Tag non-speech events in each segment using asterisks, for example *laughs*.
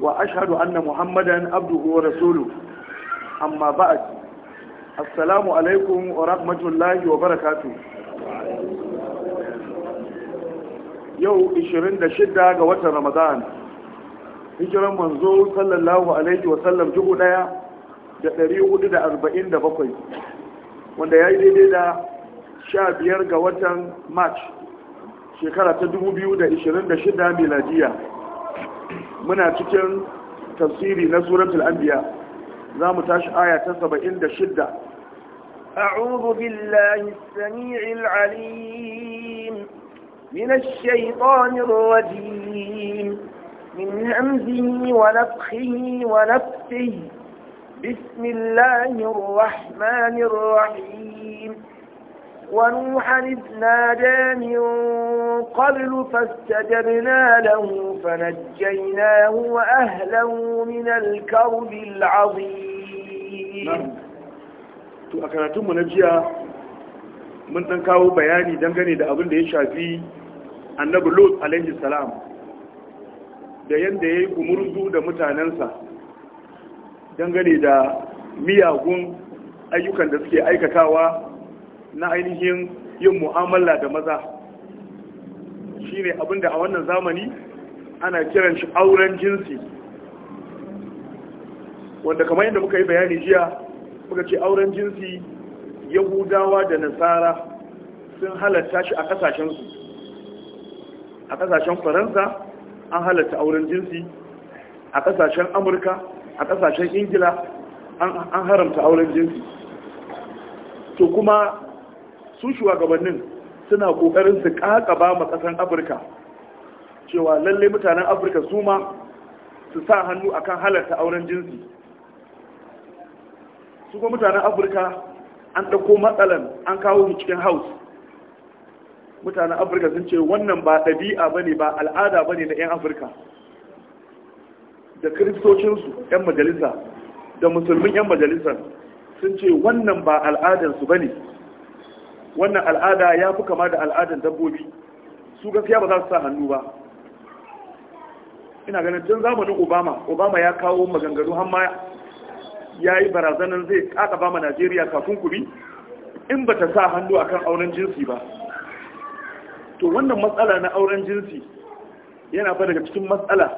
wa ashadu anna muhammadan abduhu wa rasulu amma ba'ad assalamu alaikum wa rahmatullahi wa barakatu yau 26 ga watan ramadan hijiran manzo sallallahu alaihi wa sallam jihu daya da 447 wanda ya yi daidai da 15 ga watan march shekara ta 2026 miladiyya muna cikin tafsiri na suratul anbiya zamu tashi aya ta 76 a'udhu billahi as-sami'il 'alim minash ash-shaytanir rajim min hamzihi wa nafthihi wa nafthihi bismillahir rahmanir الرحمن ونوحا إذ نادى من قبل فاستجبنا له فنجيناه وأهله من الكرب العظيم to a karatunmu na jiya mun ɗan kawo bayani dangane da abin da ya shafi annabi lot alaihi salam da yadda ya yi gumurzu da mutanensa dangane da miyagun ayyukan da suke aikatawa na ainihin yin mu'amala da maza Shi ne abinda a wannan zamani ana kiran shi auren jinsi wanda kamar yadda muka yi bayani jiya muka ce auren jinsi yahudawa da nasara sun halatta shi a kasashensu a kasashen faransa an halatta auren jinsi a kasashen amurka a kasashen ingila an haramta auren jinsi to kuma su shugabannin suna kokarin su kakaba ma kasan afirka cewa lalle mutanen afirka su ma su sa hannu akan halarta auren jinsi su kuma mutanen afirka an ɗauko matsalan an kawo shi cikin house mutanen afirka sun ce wannan ba ɗabi'a ba ne ba al'ada ba ne na 'yan afirka da kiristocinsu 'yan majalisa da musulmin 'yan majalisar sun ce wannan ba al'adarsu ba ne wannan al'ada ya fi kama da al'adar dabbobi su gaskiya ba za su sa hannu ba ina ganin tun zamanin obama obama ya kawo maganganu hamma ya yi barazanar zai kaka ba ma najeriya kafin kuri in ba ta sa hannu akan auren jinsi ba to wannan matsala na auren jinsi yana fa daga cikin matsala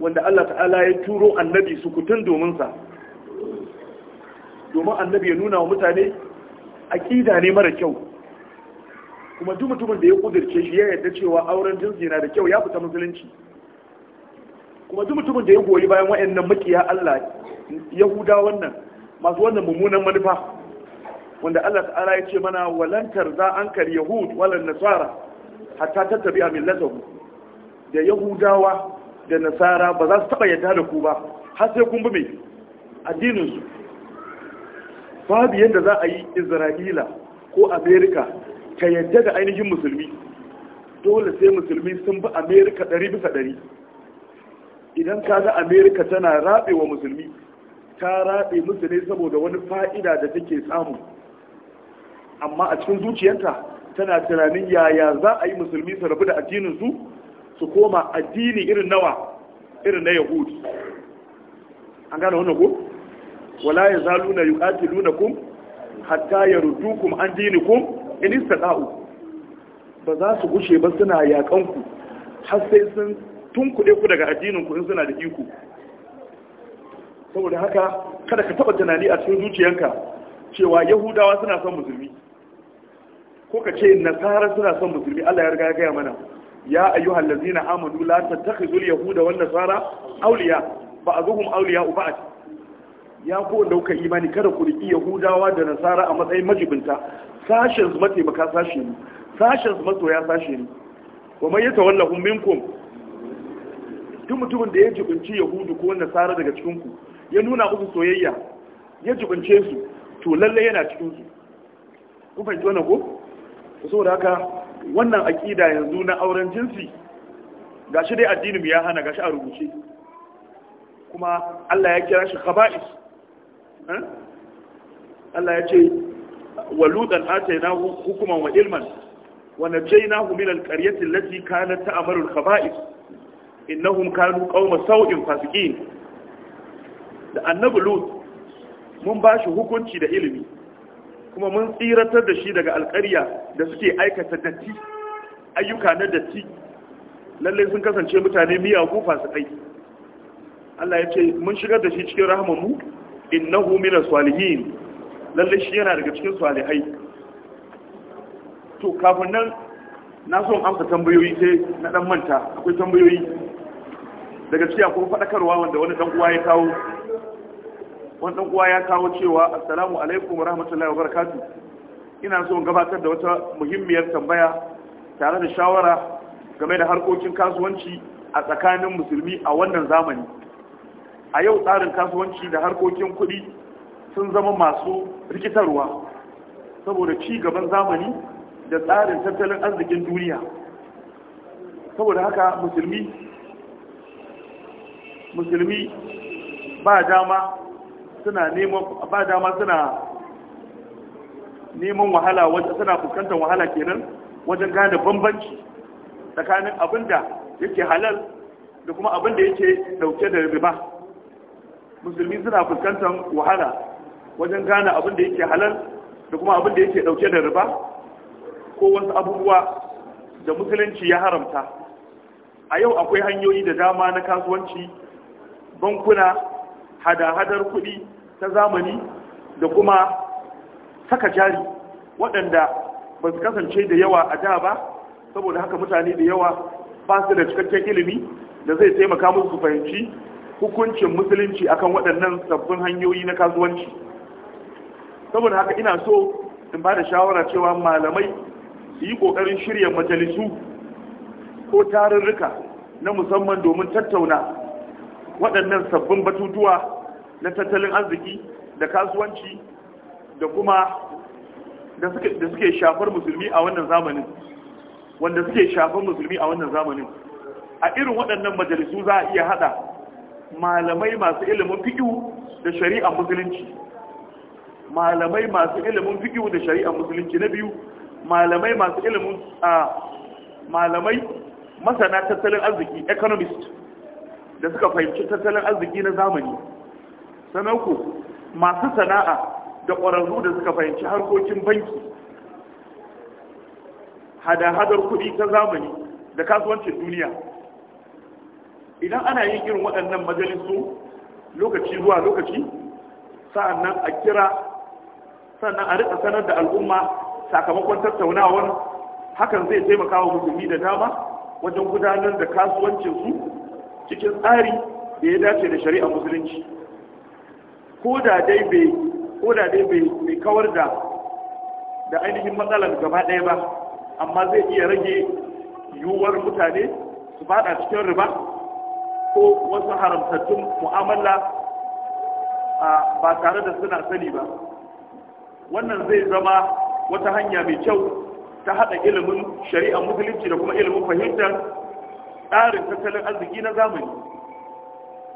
wanda allah ta'ala ya turo annabi sukutun domin sa domin annabi ya nuna wa mutane aƙida ne mara kyau kuma duk mutumin da ya kudirce shi ya yarda cewa auren jinsi na da kyau ya fita musulunci kuma duk mutumin da ya goyi bayan wa'annan makiya Allah Yahuda wannan masu wannan mummunan manufa wanda Allah ta'ala ya ce mana walantar za an kar Yahud walan Nasara hatta tattabi a millatahu da Yahudawa da Nasara ba za su taba yarda da ku ba har sai kun bi mai addinin babu yadda za a yi isra'ila ko amerika ka yadda da ainihin musulmi dole sai musulmi sun bi amerika ɗari bisa ɗari idan ka ga amerika tana raɓe wa musulmi ta raɓe musu saboda wani fa'ida da take samu amma a cikin zuciyarta tana tunanin yaya za a yi musulmi su rabu da addininsu su koma addini irin nawa irin na yahudi an gane wannan ko wala yazaluna yuqatilunakum hatta yardukum an dinikum Inista istata'u ba za su gushe ba suna yakan ku har sai sun tunkuɗe ku daga addinin ku in suna da iku saboda haka kada ka taba tunani a cikin zuciyanka cewa yahudawa suna son musulmi ko ka ce nasara suna son musulmi Allah ya riga ya gaya mana ya ayyuhal ladzina amanu la tattakhizul yahuda wan nasara awliya ba'dhum awliya ba'd ya ku wanda kuka imani kada ku riki yahudawa da nasara a matsayin majibinta sashen su mataimaka sashe ne sashen su ya sashe ne wa man yata minkum duk mutumin da ya jibinci yahudu ko nasara daga cikin ku ya nuna musu soyayya ya jibince su to lalle yana cikin su ku fahimci wannan ko saboda haka wannan aqida yanzu na auren jinsi gashi dai addinin mu ya hana gashi a rubuce kuma Allah ya kira shi khaba'is Eh? Allah ya ce waludan lutan atayna hukuman wa ilman wa najaynahu min alqaryati allati kanat ta'malu alkhaba'ith innahum kanu qauma sau'in fasiqin da annabi lut mun ba shi hukunci da ilimi kuma mun tsiratar da shi daga alƙarya da suke aikata datti ayyuka na datti lalle sun kasance mutane miyagu fasikai Allah ya ce mun shigar da shi cikin rahamanmu Inna min as-salihin lalle shi yana daga cikin salihai to kafin nan na so amsa tambayoyi sai na dan manta akwai tambayoyi daga cikin akwai fadakarwa wanda wani dan uwa ya kawo wani dan uwa ya kawo cewa assalamu alaikum warahmatullahi wabarakatuh ina son gabatar da wata muhimmiyar tambaya tare da shawara game da harkokin kasuwanci a tsakanin musulmi a wannan zamani a yau tsarin kasuwanci da harkokin kuɗi sun zama masu rikitarwa saboda ci gaban zamani da tsarin tattalin arzikin duniya saboda haka musulmi musulmi ba dama suna neman ba dama suna neman wahala wajen suna fuskantar wahala kenan wajen gane bambanci tsakanin abinda yake halal da kuma abinda yake dauke da riba musulmi suna fuskantar wahala wajen gane abin da yake halal da kuma abin da yake dauke da riba ko wasu abubuwa da musulunci ya haramta a yau akwai hanyoyi da dama na kasuwanci bankuna hada-hadar kuɗi ta zamani da kuma saka jari waɗanda ba su kasance da yawa a da ba saboda haka mutane da yawa ba su da cikakken ilimi da zai taimaka musu fahimci hukuncin musulunci akan waɗannan sabbin hanyoyi na kasuwanci saboda haka ina so in ba da shawara cewa malamai su yi ƙoƙarin shirya majalisu ko tarurruka na musamman domin tattauna waɗannan sabbin batutuwa na tattalin arziki da kasuwanci da kuma da suke shafar musulmi a wannan zamanin wanda suke shafar musulmi a wannan zamanin a irin waɗannan majalisu za a iya haɗa malamai masu ilimin fiƙiu da shari'ar musulunci malamai masu ilimin fiƙiu da shari'a musulunci na biyu malamai masu ilimin a malamai masana tattalin arziki economist da suka fahimci tattalin arziki na zamani sannan ku masu sana'a da ƙwararru da suka fahimci harkokin banki hada-hadar kuɗi ta zamani da kasuwancin duniya idan ana yin irin waɗannan majalisu lokaci zuwa lokaci sa'annan a kira sannan a rika sanar da al'umma sakamakon tattaunawar hakan zai taimaka wa musulmi da dama wajen gudanar da kasuwancinsu cikin tsari da ya dace da shari'a musulunci ko da dai bai kawar da da ainihin matsalar gaba ɗaya ba amma zai iya rage yiwuwar mutane su fada cikin riba ko wasu haramtattun mu'amala ba tare da suna sani ba wannan zai zama wata hanya mai kyau ta haɗa ilimin shari'ar musulunci da kuma ilimin fahimtar tsarin tattalin arziki na zamani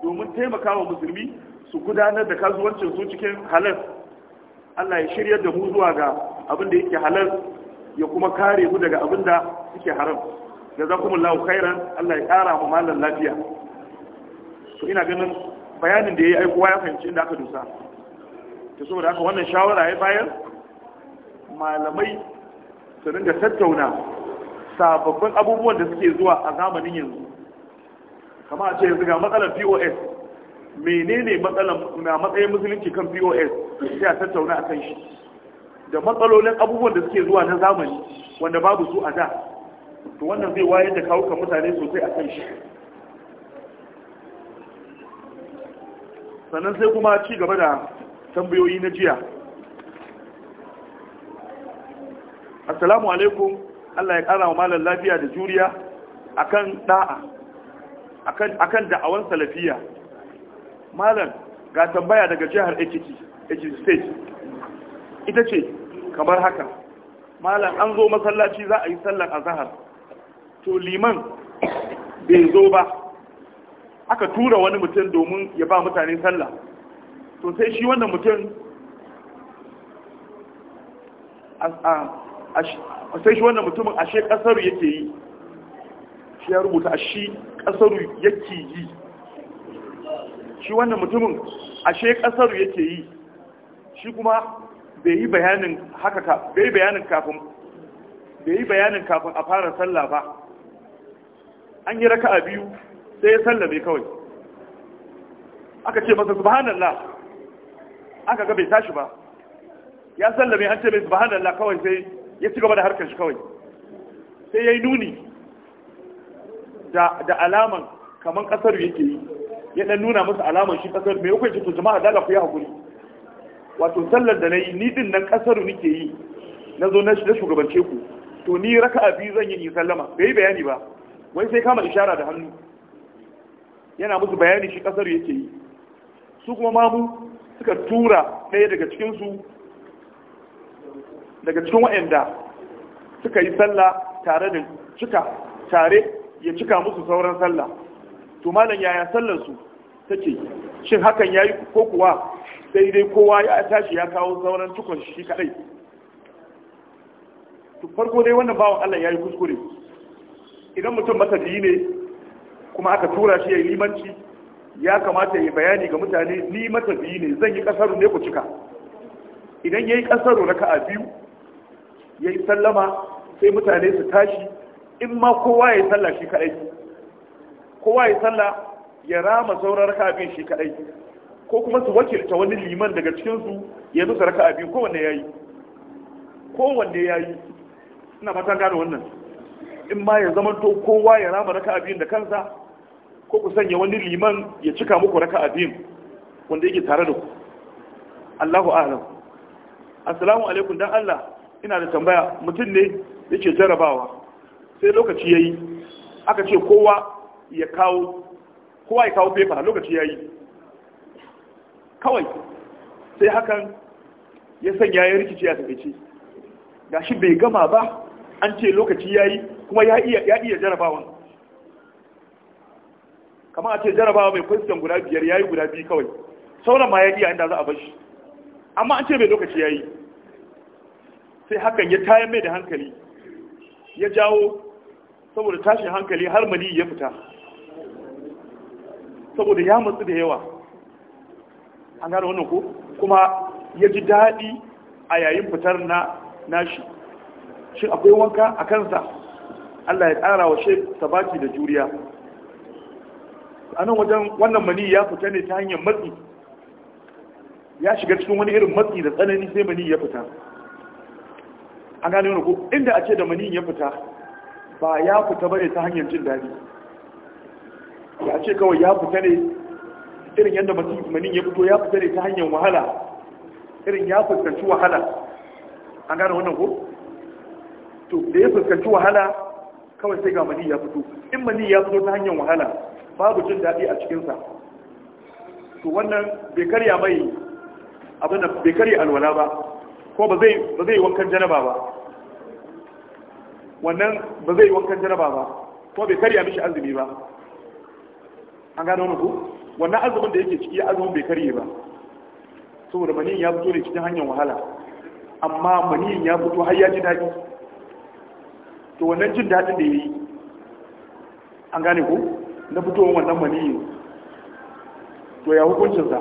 domin taimaka wa musulmi su gudanar da kasuwancin su cikin halal Allah ya shirya da mu zuwa ga abin da yake halal ya kuma kare mu daga abin da suke haram lau kairan Allah ya kara mu malam lafiya To ina ganin bayanin da ya yi aikowa ya fahimci inda aka dusa ta saboda haka wannan shawara ya bayar malamai su ringa tattauna sababbin abubuwan da suke zuwa a zamanin yanzu kama a ce yanzu ga matsalar pos menene matsalar na matsayin musulunci kan pos sai a tattauna a kan shi da matsalolin abubuwan da suke zuwa na zamani wanda babu su a da to wannan zai wayar da kawo mutane sosai a kan shi sannan sai kuma ci gaba da tambayoyi na jiya assalamu alaikum Allah ya kara wa malar lafiya da juriya akan da'a akan da'awan salafiya malam ga tambaya daga jihar Ekiti Ekiti state ita ce kamar haka malam an zo masallaci za a yi sallar zahar to liman bai zo ba aka tura wani mutum domin ya ba mutane sallah to sai shi wannan mutum sai shi wannan mutumin ashe kasaru yake yi shi ya rubuta ashe kasaru yake yi shi wannan mutumin ashe kasaru yake yi shi kuma bai yi bayanin haka ka bai bayanin kafin bai yi bayanin kafin a fara sallah ba an yi raka'a biyu sai ya sallame kawai aka ce masa subhanallah aka ga bai tashi ba ya sallame an ce mai subhanallah kawai sai ya ci gaba da harkar shi kawai sai ya yi nuni da alaman kamar kasar yake yi ya dan nuna masa alaman shi kasar mai ukwai ce to jama'a da ku yi hakuri wato sallar da na yi ni din nan kasar nike yi na zo na shugabance ku to ni raka'a biyu zan yi in sallama bai bayani ba wai sai kama ishara da hannu yana musu bayani shi kasar yake yi su kuma mamu suka tura ɗaya daga cikinsu daga cikin waɗanda suka yi sallah tare da cika tare ya cika musu sauran sallah to malam yaya sallarsu take shin hakan yayi ko kuwa sai dai kowa ya tashi ya kawo sauran cikon shi kadai to farko dai wannan bawan Allah yayi kuskure idan mutum masa ne kuma aka tura shi ya yi limanci ya kamata ya bayani ga mutane ni matafiyi ne zan yi kasaru ne ku cika idan ya yi kasaru na ka'a biyu ya yi sallama sai mutane su tashi in ma kowa ya yi sallah shi kaɗai kowa ya yi ya rama sauran raka biyu shi kaɗai ko kuma su wakilta wani liman daga cikinsu ya nusa raka biyu kowanne ya yi kowanne ya yi ina fatan gane wannan in ma ya zama to kowa ya rama raka biyun da kansa ko ku sanya wani liman ya cika muku raka abin wanda yake tare da ku Allahu a'lam assalamu alaikum dan Allah ina da tambaya mutum ne yake jarabawa sai lokaci yayi aka ce kowa ya kawo kowa ya kawo paper lokaci yayi kawai sai hakan ya sanya ya rikici tafi ce gashi bai gama ba an ce lokaci yi kuma ya iya ya iya jarabawan kamar a ce jarabawa mai question guda biyar yayi guda biyu kawai sauran ma ya iya inda za a bashi amma an ce mai lokaci ya yi. sai hakan ya tayan mai da hankali ya jawo saboda tashin hankali har mali ya fita saboda ya matsu da yawa an gane wannan ko kuma ya ji daɗi a yayin fitar na nashi shi akwai wanka a kansa Allah ya tsara wa shek sabaki da juriya a nan wajen wannan mani ya fita ne ta hanyar matsi ya shiga cikin wani irin matsi da tsanani sai mani ya fita A gane wani ko inda a ce da mani ya fita ba ya fita bane ta hanyar jin daɗi ya ce kawai ya fita ne irin yadda mani ya fito ya fita ne ta hanyar wahala irin ya fuskanci wahala A gane wannan ko to da ya fuskanci wahala kawai sai ga mani ya fito in mani ya fito ta hanyar wahala babu jin daɗi a cikinsa to wannan bai karya mai abin da bai karya alwala ba ko ba zai yi wankan janaba ba wannan ba zai yi wankan janaba ba ko bai karya mishi azumi ba an gano wani ku wannan azumin da yake ciki azumin bai karye ba saboda maniyin ya fito ne cikin hanyar wahala amma maniyin ya fito har ya ji daɗi to wannan jin daɗin da ya yi an gane ku na fitowar wannan maniyi to ya hukuncin sa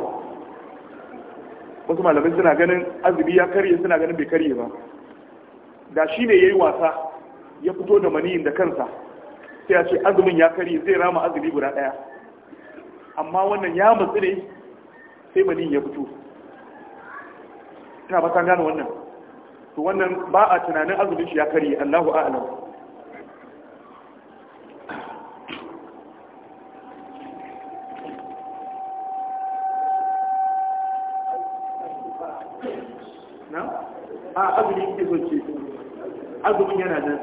wasu malamai suna ganin azumi ya karye suna ganin bai karye ba da shi ne ya yi wasa ya fito da maniyin da kansa sai ya ce azumin ya karye zai rama azumi guda daya amma wannan ya matsi ne sai maniyin ya fito ina ba gane wannan to wannan ba a tunanin azumin shi ya karye Allahu a'lam na a azumi ke ce azumin yana nan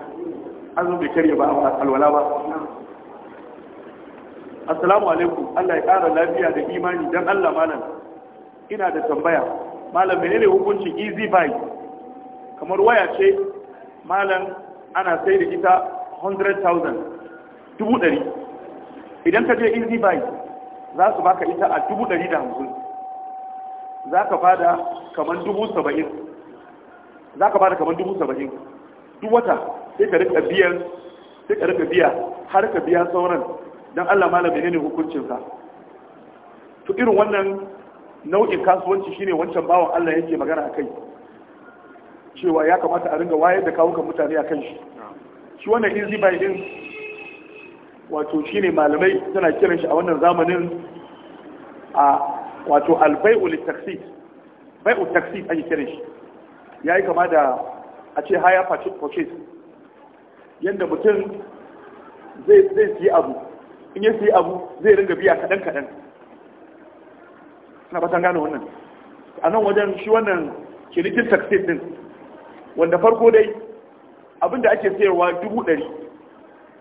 azumin bai karya ba a alwala ba assalamu alaikum Allah ya ƙara lafiya da imani don Allah malam ina da tambaya malam menene hukuncin easy buy kamar waya ce malam ana sai da ita 100,000 dubu ɗari idan ka je easy buy za su baka ita a dubu ɗari da hamsin za ka bada kamar dubu saba'in za ka duk wata sai ka rika biyan sai ka rika biya har ka biya sauran don allah malami ne ne hukuncinsa to irin wannan nau'in kasuwanci shine wancan bawan allah yake magana a kai cewa ya kamata a ringa wayar da kawukan mutane a kan shi shi wannan izi buy din wato shine malamai tana kiran shi a wannan zamanin a wato albai'u litaksis bai'u taksis ake kire shi ya yi kama da a ce haya purchase yadda mutum zai siya abu in ya siya abu zai ringa biya kaɗan-kaɗan na batan gane wannan a nan wajen shi wannan kirikin taksis din wanda farko dai abinda ake sayarwa dubu ɗari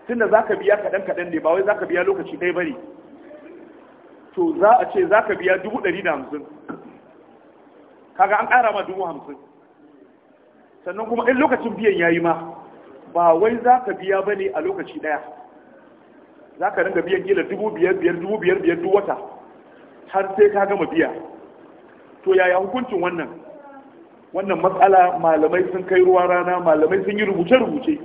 tunda za ka biya kaɗan-kaɗan ne ba wai za ka biya lokaci ɗaya bari to za a ce za ka biya dubu ɗari da hamsin kaga an ƙara ma dubu hamsin sannan kuma in lokacin biyan ya yi ma ba wai za ka biya ba ne a lokaci ɗaya za ka ringa biyan gila dubu biyar biyar dubu biyar biyar duk wata har sai ka gama biya to yaya hukuncin wannan wannan matsala malamai sun kai ruwa rana malamai sun yi rubuce-rubuce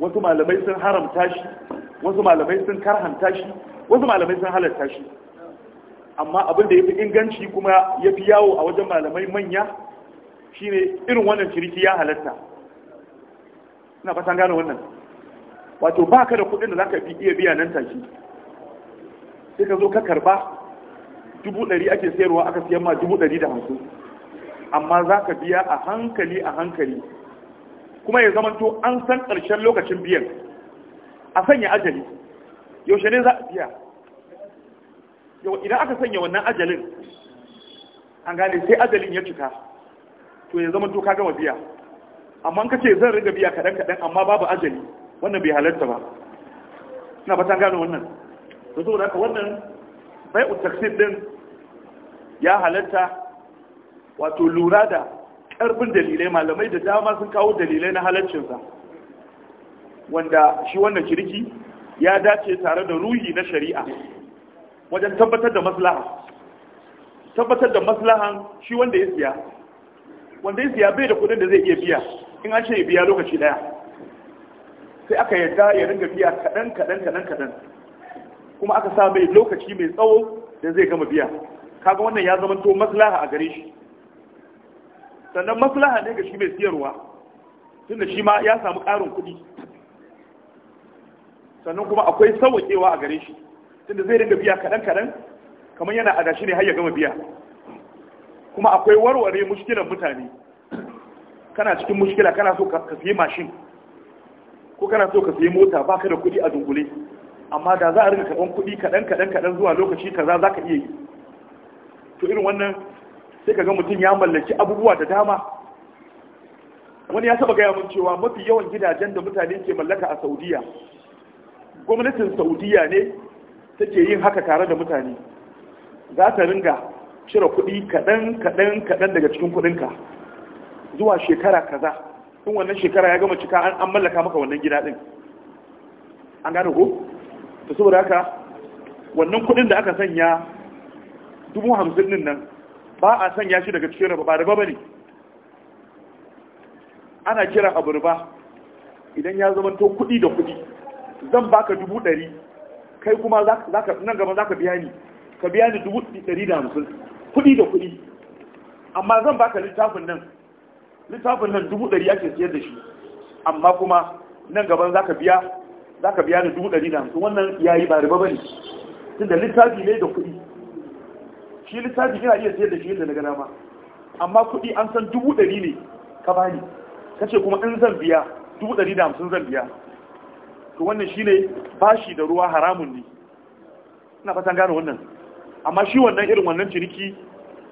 wasu malamai sun haramta shi wasu malamai sun karhanta shi wasu malamai sun halarta shi amma abin da ya fi inganci kuma ya fi yawo a wajen malamai manya shine irin wannan ciniki ya halatta ina fatan gane wannan wato ba ka da kuɗin da za ka iya biya nan take sai ka zo ka karba dubu ɗari ake sayarwa aka siyan ma dubu ɗari da hamsin amma za ka biya a hankali a hankali kuma ya zama zamanto an san ƙarshen lokacin biyan a sanya ajali yaushe ne za a biya idan aka sanya wannan ajalin an gane sai ajalin ya cika to ya zama to ka gama biya amma ka ce zan riga biya kaɗan kaɗan amma babu ajali wannan bai halarta ba ina fatan gano wannan da saboda haka wannan bai utaksir din ya halarta wato lura da ƙarfin dalilai malamai da dama sun kawo dalilai na halarcinsa wanda shi wannan kirki ya dace tare da ruhi na shari'a wajen tabbatar da maslaha tabbatar da maslahan shi wanda ya siya wanda ya siya bai da kudin da zai iya biya in an ce ya biya lokaci daya sai aka yarda ya ringa biya kaɗan kaɗan kaɗan kaɗan kuma aka sa mai lokaci mai tsawo da zai gama biya kaga wannan ya zama to maslaha a gare shi sannan maslaha ne ga shi mai siyarwa tunda shi ma ya samu ƙarin kuɗi sannan kuma akwai sauƙewa a gare shi tunda zai ringa biya kaɗan kaɗan kamar yana adashi ne har ya gama biya kuma akwai warware mushkilar mutane kana cikin mushkila kana so ka siye mashin ko kana so ka siye mota baka da kuɗi a dungule amma da za a ringa karɓan kuɗi kaɗan kaɗan kaɗan zuwa lokaci kaza za ka iya yi to irin wannan sai ka ga mutum ya mallaki abubuwa da dama wani ya saba gaya mun cewa mafi yawan gidajen da mutane ke mallaka a saudiya gwamnatin saudiya ne take yin haka tare da mutane za ta ringa cire kuɗi kaɗan kaɗan kaɗan daga cikin kuɗinka zuwa shekara kaza in wannan shekara ya gama cika an mallaka maka wannan gida din. an gane ko to saboda haka wannan kuɗin da aka sanya dubu hamsin nan ba a sanya shi daga cikin raba ba raba ba ne ana kira abu riba idan ya zama to kuɗi da kuɗi zan baka dubu ɗari kai kuma nan gaba za ka biya ni ka biya ni dubu ɗari da hamsin kuɗi da kuɗi amma zan baka littafin nan littafin nan dubu ɗari ake siyar da shi amma kuma nan gaban za ka biya za ka biya ni dubu ɗari da hamsin wannan ya yi ba riba ba ne tunda littafi ne da kuɗi shi littafi yana iya siyar da shi yadda na gana ma amma kuɗi an san dubu ɗari ne ka bani ka ce kuma in zan biya dubu ɗari da hamsin zan biya to wannan shi ba bashi da ruwa haramun ne ina fatan gane wannan amma shi wannan irin wannan ciniki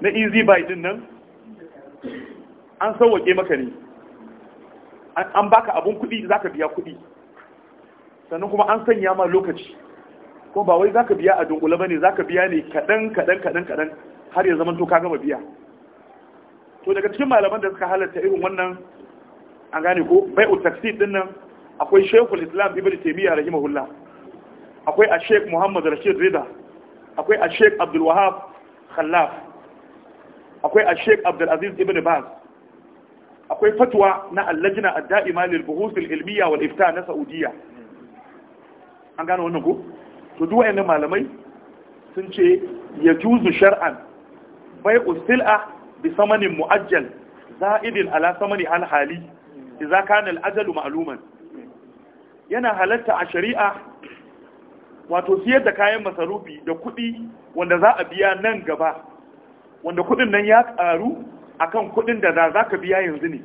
na easy buy din nan an sauwake maka ne an baka abun kuɗi ka biya kuɗi sannan kuma an sanya ma lokaci kuma ba wai za ka biya a ne, za ka biya ne kaɗan kaɗan kaɗan kaɗan har ya zama to ka gama biya to daga cikin malaman da suka halatta irin wannan an gane ko bai'u taksir din nan akwai shekul islam ibn taimiyya rahimahullah akwai a sheik muhammad rashid rida akwai a sheik abdul wahab khallaf akwai a sheik abdul aziz ibn baz akwai fatwa na allajina ad-da'ima lil buhuth al-ilmiya wal ifta na saudiya an gano wannan ko to duk wayannan malamai sun ce yajuzu shar'an bai ustil'a bi samanin mu'ajjal za'idin ala samani al hali idza kana al-ajalu ma'luman yana halatta a shari'a wato siyar da kayan masarufi da kuɗi wanda za a biya nan gaba wanda kuɗin nan ya ƙaru a kan kuɗin da za ka biya yanzu ne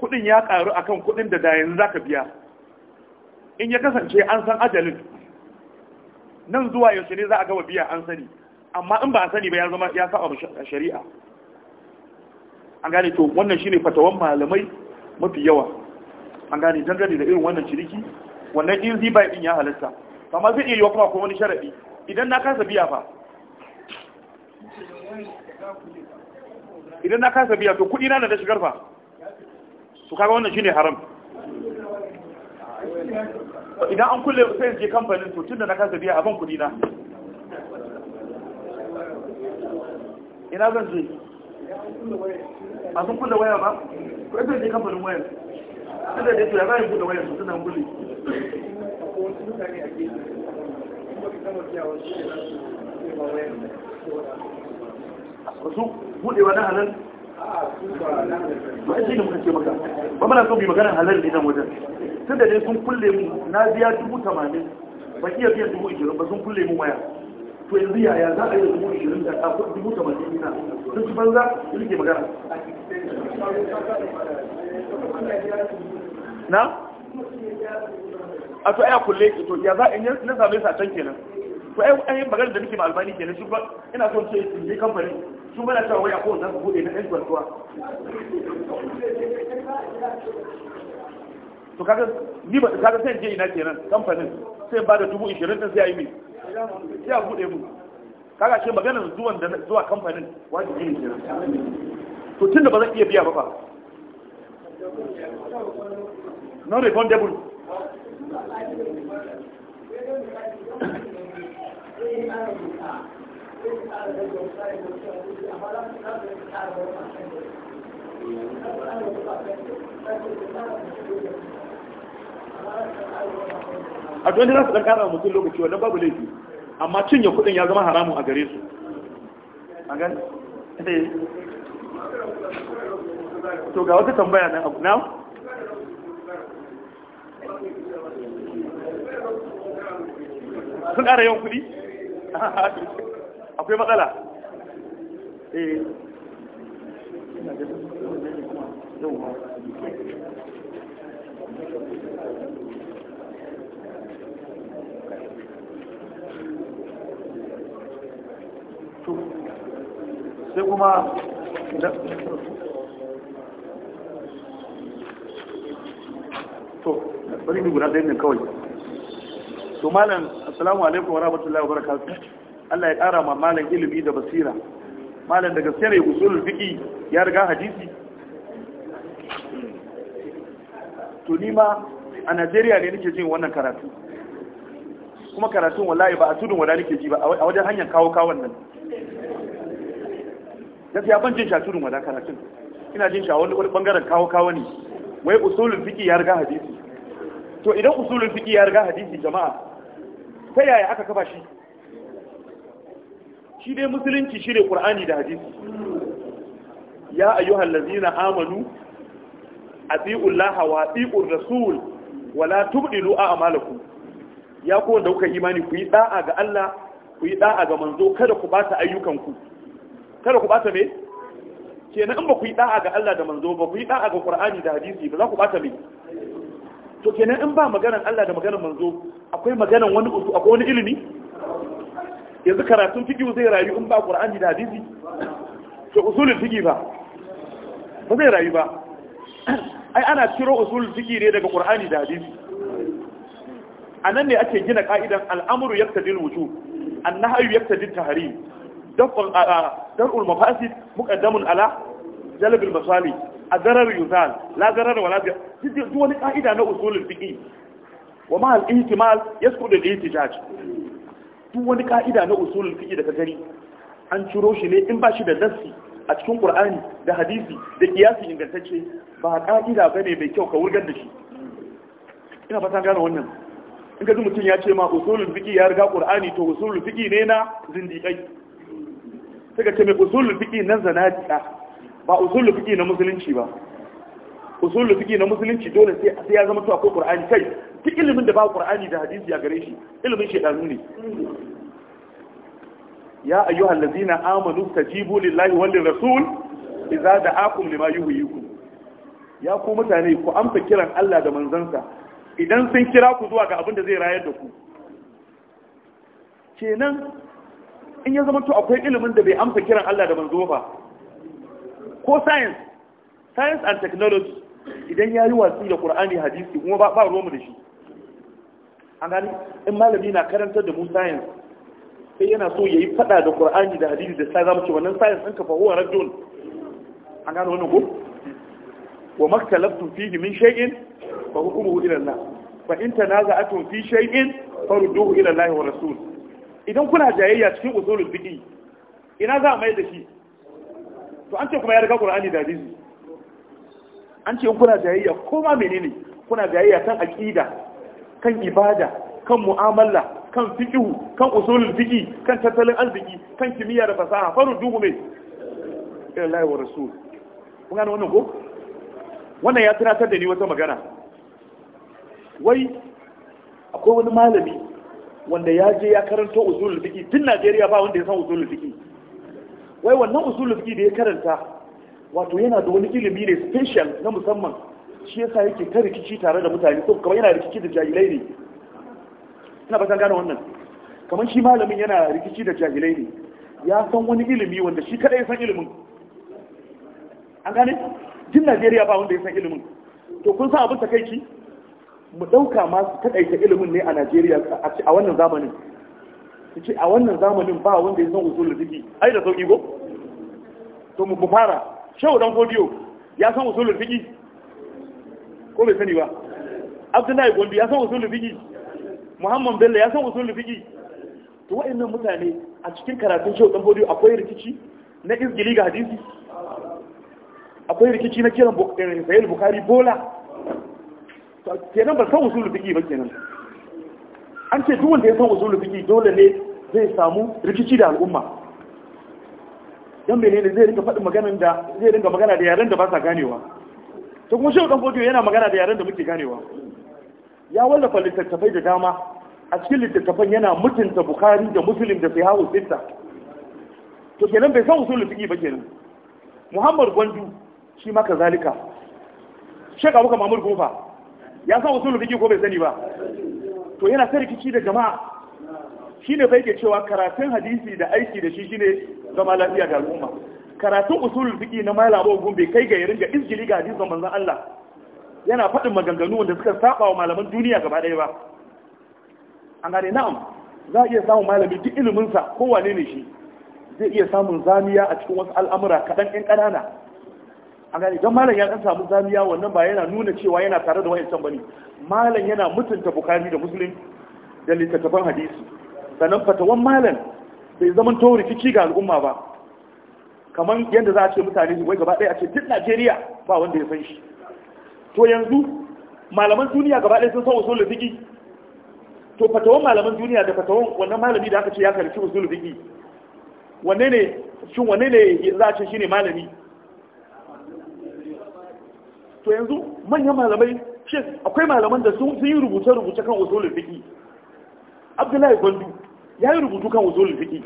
kuɗin ya ƙaru a kan kuɗin da da yanzu za ka biya in ya kasance an san ajalin nan zuwa yaushe ne za a gaba biya an sani amma in ba a sani ba ya zama ya saba shari'a an gane to wannan shine fatawan malamai mafi yawa an gane dangane da irin wannan ciriki wannan in riba din ya halatta amma zai iya yi kuma ko wani sharadi idan na kasa biya fa idan na kasa biya to kudi na da shigar fa to kaga wannan shine haram idan an kulle sai je kamfanin to tunda na kasa biya abin kudi na ina zan je a sun kulle waya ba ko sai je kamfanin waya. suna da su ya bayan buɗe wayar su suna gudu su buɗewa na halal ba shi ne muka ce maka ba mana son bi maganar halal ne nan wajen tun da dai sun kulle mu na biya dubu tamanin ba iya biyan dubu ishirin ba sun kulle mu waya to yanzu yaya za a yi dubu ishirin da a dubu tamanin ina sun ci banza su ke magana na a to aya kulle ki to ya za in na same sa can kenan to ai ai magana da nake ma albani kenan shi ba ina son su yi kamfani su mana cewa waya ko wannan bude na ɗan gwantuwa to kaga ni ba kaga sai je ina kenan kamfanin sai ba da dubu 20 din sai ai yi min a bude mu kaga ce magana zuwan da zuwa kamfanin wajibi ne kenan to tunda ba zan iya biya ba ba non refundable a don za su ɗan ƙara mutum lokaci wadda babu laifi amma cinye kuɗin ya zama haramun a gare su a gani? Eh. to ga wata tambaya na abu na sun ƙara yawan kuɗi *laughs* akwai matsala eh. sai kuma wani ni guda ɗaya ne kawai to malam assalamu alaikum wa rahmatullahi wa barakatuh Allah ya ƙara ma malam ilimi da basira malam daga sirri usulul fiqi ya riga hadisi to ni ma a Najeriya ne nake jin wannan karatu kuma karatun wallahi ba a tudun wala nake ji ba a wajen hanyar kawo kawon nan gaskiya ban jin a tudun wala karatun ina jin sha wani bangaren kawo kawo ne wai usulul fiqi ya riga hadisi to idan usulun fiki ya riga hadisi jama'a ta yaya aka kafa shi shi dai musulunci shi ne ƙur'ani da hadisi ya ayyuhal ladzina amanu a tsi'un wa tsi'un rasul wa lu'a a malaku. ya ko da kuka imani ku yi da'a ga Allah ku yi da'a ga manzo kada ku bata ayyukanku kada ku bata me kenan in ba ku yi da'a ga Allah da manzo ba ku yi da'a ga qur'ani da hadisi ba za ku bata me to kenan in ba maganan Allah da maganar manzo akwai maganar wani usu akwai wani ilimi yanzu karatun fiki zai rayu in ba Qur'ani da hadisi to usulul fiki ba ba zai rayu ba ai ana ciro usulul fiki ne daga Qur'ani da hadisi anan ne ake gina ka'idan al'amru al wujub an-nahyu at tahrim daf'ul daf'ul mafasid muqaddamun ala jalb al-masalih a zarar yuzal la zarar wala bi duk wani ka'ida na usulul fiqh wa ma al-ihtimal yasqud al-ihtijaj duk wani ka'ida na usulul fiqh da ka gani an ciro shi ne in ba shi da nassi a cikin qur'ani da hadisi da kiyasi ingantacce ba ka'ida bane mai kyau ka wurgar da shi ina fatan gane wannan in ka ji mutum ya ce ma usulul fiqh ya riga qur'ani to usulul fiqh ne na zindiqai sai ka ce mai usulul fiqh nan zanadiqa ba usulul fiqi na musulunci ba usulul fiqi na musulunci dole sai sai ya zama to akwai qur'ani kai duk ilimin da ba qur'ani da hadisi ya gare shi ilimin shedanu ne ya ayyuhal ladzina amanu tajibu lillahi wal rasul idza da'akum lima yuhyikum ya ku mutane ku amsa kiran Allah da manzansa idan sun kira ku zuwa ga abin da zai rayar da ku kenan in ya zama to akwai ilimin da bai amsa kiran Allah da manzo ba ko science science and technology idan ya yi watsi da ƙura'ani hadisi kuma ba ruwa mu da shi an gani in malami na karantar da mu science sai yana so ya yi fada da ƙura'ani da hadisi da sai za mu ce wannan science ɗin kafa fa huwa raddun an gani wani ko wa fi fihi min shay'in fa hukmuhu ila Allah ba in tun fi shay'in farudduhu ila ya wa rasul idan kuna jayayya cikin usulun biki, ina za a mai da shi to an ce kuma ya riga qur'ani da hadisi an ce kuna jayayya ko ma menene kuna jayayya kan aqida kan ibada kan mu'amala kan fiqhu kan usulul fiqi kan tattalin arziki kan kimiyya da fasaha faru dubu mai ila wa rasul kun gane wannan ko wannan ya tunatar da ni wata magana wai akwai wani malami wanda ya je ya karanto usulul fiqi tun Najeriya ba wanda ya san usulul fiqi wai wannan usulul fiqh da ya karanta wato yana da wani ilimi ne special na musamman shi yasa yake ta rikici tare da mutane ko kamar yana rikici da jahilai ne ina ba san gane wannan kamar shi malamin yana rikici da jahilai ne ya san wani ilimi wanda shi kadai ya san ilimin an gane jin Najeriya ba wanda ya san ilimin to kun san abin takaici mu dauka ma su kaita ilimin ne a Najeriya a wannan zamanin ce a wannan zamanin ba wanda ya san usulul fiqh ai da sauki ko to mu fara shehu dan godiyo ya san usulul fiqi ko bai sani ba abdullahi gondi ya san usulul fiqi muhammad bello ya san usulul fiqi to wayannan mutane a cikin karatun shehu dan godiyo akwai rikici na izgili ga hadisi akwai rikici na kiran sayil bukari eh, bola kenan ba san usulul fiqi ba kenan an ce duk wanda ya san usulul fiqi dole ne zai samu rikici da al'umma dan menene zai rinka faɗin magana da zai rinka magana da yaren da ba sa ganewa to kuma shehu dan fodiyo yana magana da yaren da muke ganewa ya wallafa littattafai da dama a cikin littattafan yana mutunta bukhari da muslim da sahihu sitta to kenan bai san usulul fiqh ba kenan muhammad gwandu shi ma kazalika shek abuka mamur gofa ya san usulul fiqh ko bai sani ba to yana sarki rikici da jama'a Shi ne fai ke cewa karatun hadisi da aiki da shi shi ne zama lafiya ga al'umma karatun usulul fiqi na malama gumbe kai ga yarin ga izgili ga hadisin Allah yana faɗin maganganu wanda suka saba wa malaman duniya gaba ɗaya ba an gane na'am za a iya samun malami duk iliminsa, sa kowane ne shi zai iya samun zamiya a cikin wasu al'amura kaɗan ɗan ƙanana an gane don malam ya ɗan samu zamiya wannan ba yana nuna cewa yana tare da ba bane malam yana mutunta bukari da musulun da littattafan hadisi sannan fatawan malam bai zama to rikici ga al'umma ba kamar yadda za a ce mutane wai gaba ɗaya a ce duk najeriya ba wanda ya san shi to yanzu malaman duniya gaba ɗaya sun san usul fiqi to fatawan malaman duniya da fatawan wannan malami da aka ce ya karanci usul fiqi wanne ne shin wanne ne za a ce shine malami to yanzu manyan malamai shi akwai malaman da sun yi rubuce-rubuce kan usulul fiqi Abdullahi Gwandu ya yi rubutu kan wuzo fiqh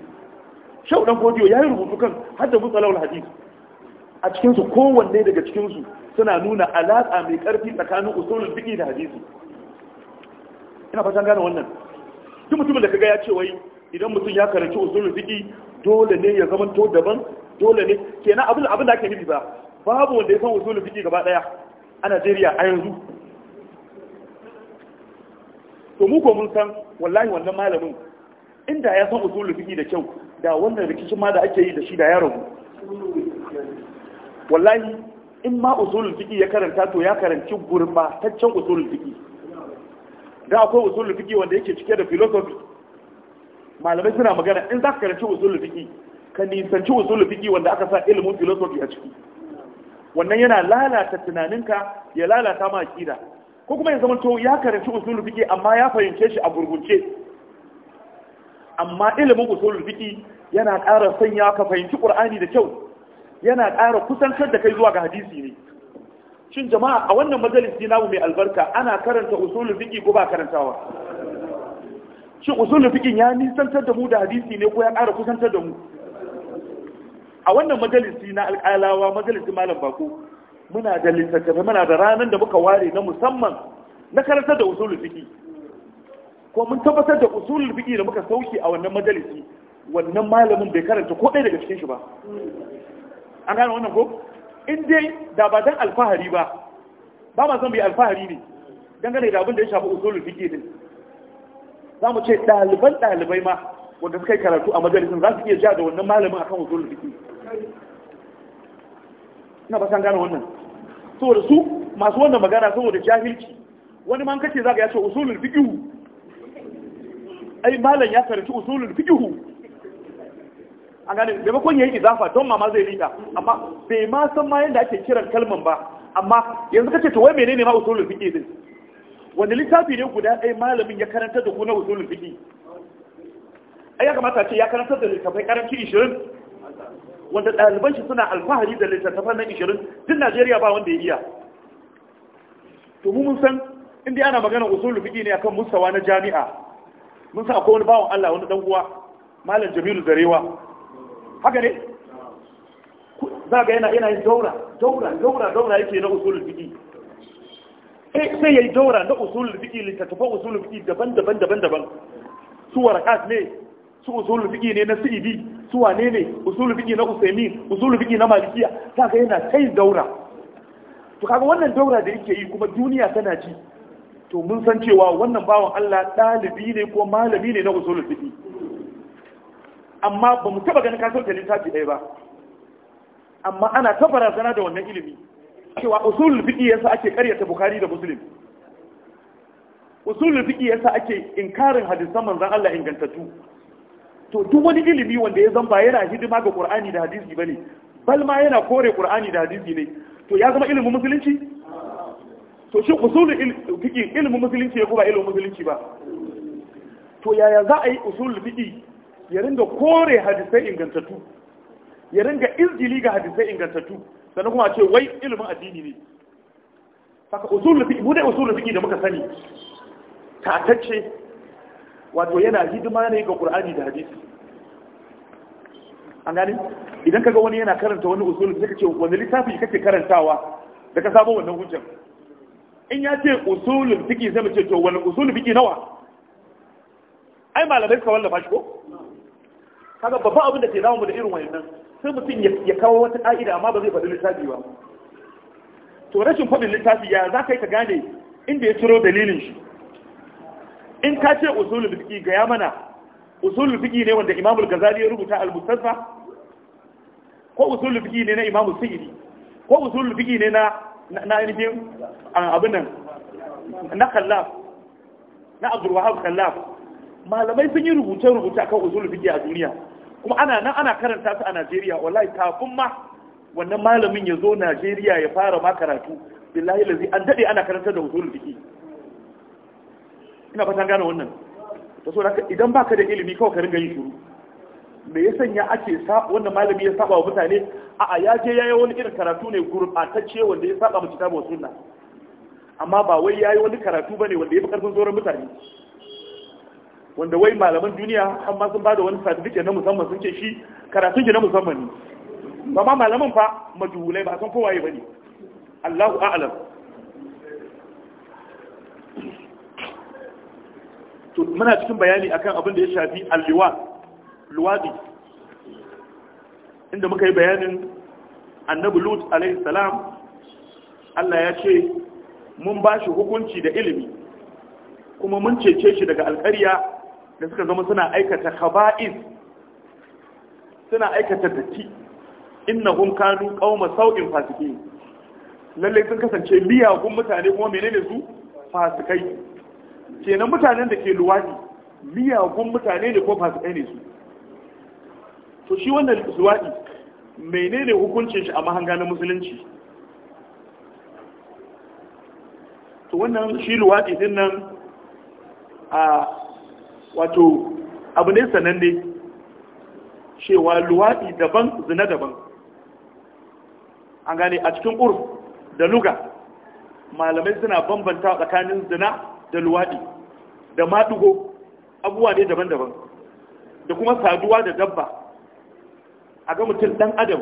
shau dan kodiyo ya yi rubutu kan hadda mutsalawul hadith a cikinsu kowanne daga cikinsu suna nuna alaƙa mai ƙarfi tsakanin wuzo fiqh da hadisi ina fatan gane wannan duk mutumin da kaga ya ce wai idan mutum ya karanci wuzo fiqh dole ne ya zama to daban dole ne kenan abin abin da ake nufi ba babu wanda ya san wuzo fiqh gaba ɗaya a Najeriya a yanzu to mu ko mun san wallahi wannan malamin inda ya san usulul fiqh da kyau da wannan rikicin ma da ake yi da shi da ya rabu wallahi in ma usulul fiqh ya karanta to ya karanci gurbataccen usulul fiqh da akwai usulul fiqh wanda yake cike da philosophy malamai suna magana in za ka karanci usulul fiqh ka nisanci usulul fiqh wanda aka sa ilimin philosophy a ciki wannan yana lalata tunaninka ya lalata ma akida ko kuma ya zama to ya karanci usulul fiqh amma ya fahimce shi a gurgunce amma ilimin usulul fiqi yana ƙara sanya ka fahimci qur'ani da kyau yana ƙara kusantar da kai zuwa ga hadisi ne shin jama'a a wannan majalisi namu mai albarka ana karanta usulul fiqi ko ba karantawa shin usulul fiqi ya nisantar da mu da hadisi ne ko ya ƙara kusantar da mu a wannan majalisi na alƙalawa majalisin malam bako muna da littattafai muna da ranar da muka ware na musamman na karantar da usulul fiqi ko mun tabbatar da usulul biki da muka sauki a wannan majalisi wannan malamin bai karanta ko ɗaya daga cikin shi ba an gane wannan ko in dai da ba dan alfahari ba ba ma zan bi alfahari ne dangane da abin da ya shafi usulul fiqh din za mu ce ɗaliban ɗalibai ma wanda suka yi karatu a majalisin za su iya ja da wannan malamin akan usulul biki. ina ba san gane wannan saboda su masu wannan magana saboda jahilci wani man kace zaka ya ce usulul fiqh ai malam ya karanci usulul A an gane maimakon yayi izafa don mama zai rika amma bai ma san ma yanda ake kiran kalman ba amma yanzu kace to wai menene ma usulul fiqh din wanda littafi ne guda ɗaya malamin ya karanta da ku na usulul fiqh ai ya kamata ce ya karanta da littafai karanci 20 wanda ɗaliban shi suna alfahari da littattafan nan 20 duk Najeriya ba wanda ya iya to mu mun san inda ana magana usulul fiqh ne akan mustawa na jami'a mun sa akwai wani bawan Allah wani dan uwa malam Jamilu Zarewa haka ne za ga yana yana yin daura daura daura daura yake na usulul fiqi sai eh, sai yayi daura na usulul fiqi littattafan usulul fiqi daban-daban daban-daban su warakat ne su usulul fiqi ne na Sidi su wane ne usulul fiqi na usaimi usulul fiqi na Malikiya za ga yana sai daura to kaga wannan daura da yake yi kuma duniya tana ji to mun san cewa wannan bawan Allah ɗalibi ne ko malami ne na usulul fiqh amma ba mu taba ganin kasar ta littafi ɗaya ba amma ana ta barazana da wannan ilimi cewa usulul fiqh yasa ake karyata bukhari da muslim usulul fiqh yasa ake inkarin hadisan manzon Allah ingantattu to duk wani ilimi wanda ya zan ba yana hidima ga qur'ani da hadisi bane bal ma yana kore qur'ani da hadisi ne to ya zama ilimin musulunci to shi usulul fiqi ilimin musulunci ya kuma ilimin musulunci ba to yaya za a yi usulul fiqi ya ringa kore hadisai ingantattu ya ringa izgili ga hadisai ingantattu sannan kuma a ce wai ilimin addini ne saka usulul fiqi mu dai usulul fiqi da muka sani tatacce wato yana hidima ne ga qur'ani da hadisi an gani idan kaga wani yana karanta wani usulul fiqi kace wani littafi kake karantawa da ka samu wannan hujjar in ya ce usulun fiki zai mace ce to wani usulun fiki nawa ai malamai suka wallafa shi ko kaga babban abin da ke damu da irin wayannan sai mutum ya kawo wata ka'ida amma ba zai faɗi littafi ba to rashin faɗin littafi ya za ka yi ka gane inda ya ciro dalilin shi in ka ce usulun fiki ga ya mana usulun fiki ne wanda Imamul gazali ya rubuta al-Mustafa ko usulul fiqi ne na Imamul Suyuti ko usulul fiqi ne na na ainihin ah, abin nan na kallaf na abdulwahab kallaf malamai sun yi rubuce-rubuce kan usul fiqh a duniya kuma ana nan ana karanta su a Najeriya wallahi kafin ma wannan malamin ya zo Najeriya ya fara ma karatu billahi lazi an dade ana karanta da usul fiqh ina fatan gane wannan to so idan baka da ilimi kawai ka ringa yin shiru me ya sanya ake wanda malami ya saba wa mutane a ya je yayi wani irin karatu ne gurbatacce wanda ya saba mu kitabu sunna amma ba wai yayi wani karatu bane wanda ya fi karfin zoron mutane wanda wai malaman duniya har ma sun bada wani certificate na musamman sun ce shi karatun shi na musamman ne ba ma malaman fa majuhulai ba san kowaye bane Allahu a'lam muna cikin bayani akan abin da ya shafi alliwa luwadi inda muka yi bayanin annabi lut alaihi salam Allah ya ce mun ba shi hukunci da ilimi kuma mun cece shi daga alƙarya da suka zama suna aikata khaba'is suna aikata datti innahum kanu qauma sau'in fasiqin lalle sun kasance miyagun mutane kuma menene su fasikai kenan mutanen da ke luwadi miyagun mutane ne ko fasikai ne su to shi wannan luwaɗi menene hukuncin shi a mahanga na musulunci to wannan shi luwaɗi din nan a wato abu ne sananne cewa luwaɗi daban zina daban an gane a cikin ƙur da luga malamai suna bambanta tsakanin zina da luwaɗi da maɗugo abuwa ne daban-daban da kuma saduwa da dabba a ga mutum ɗan adam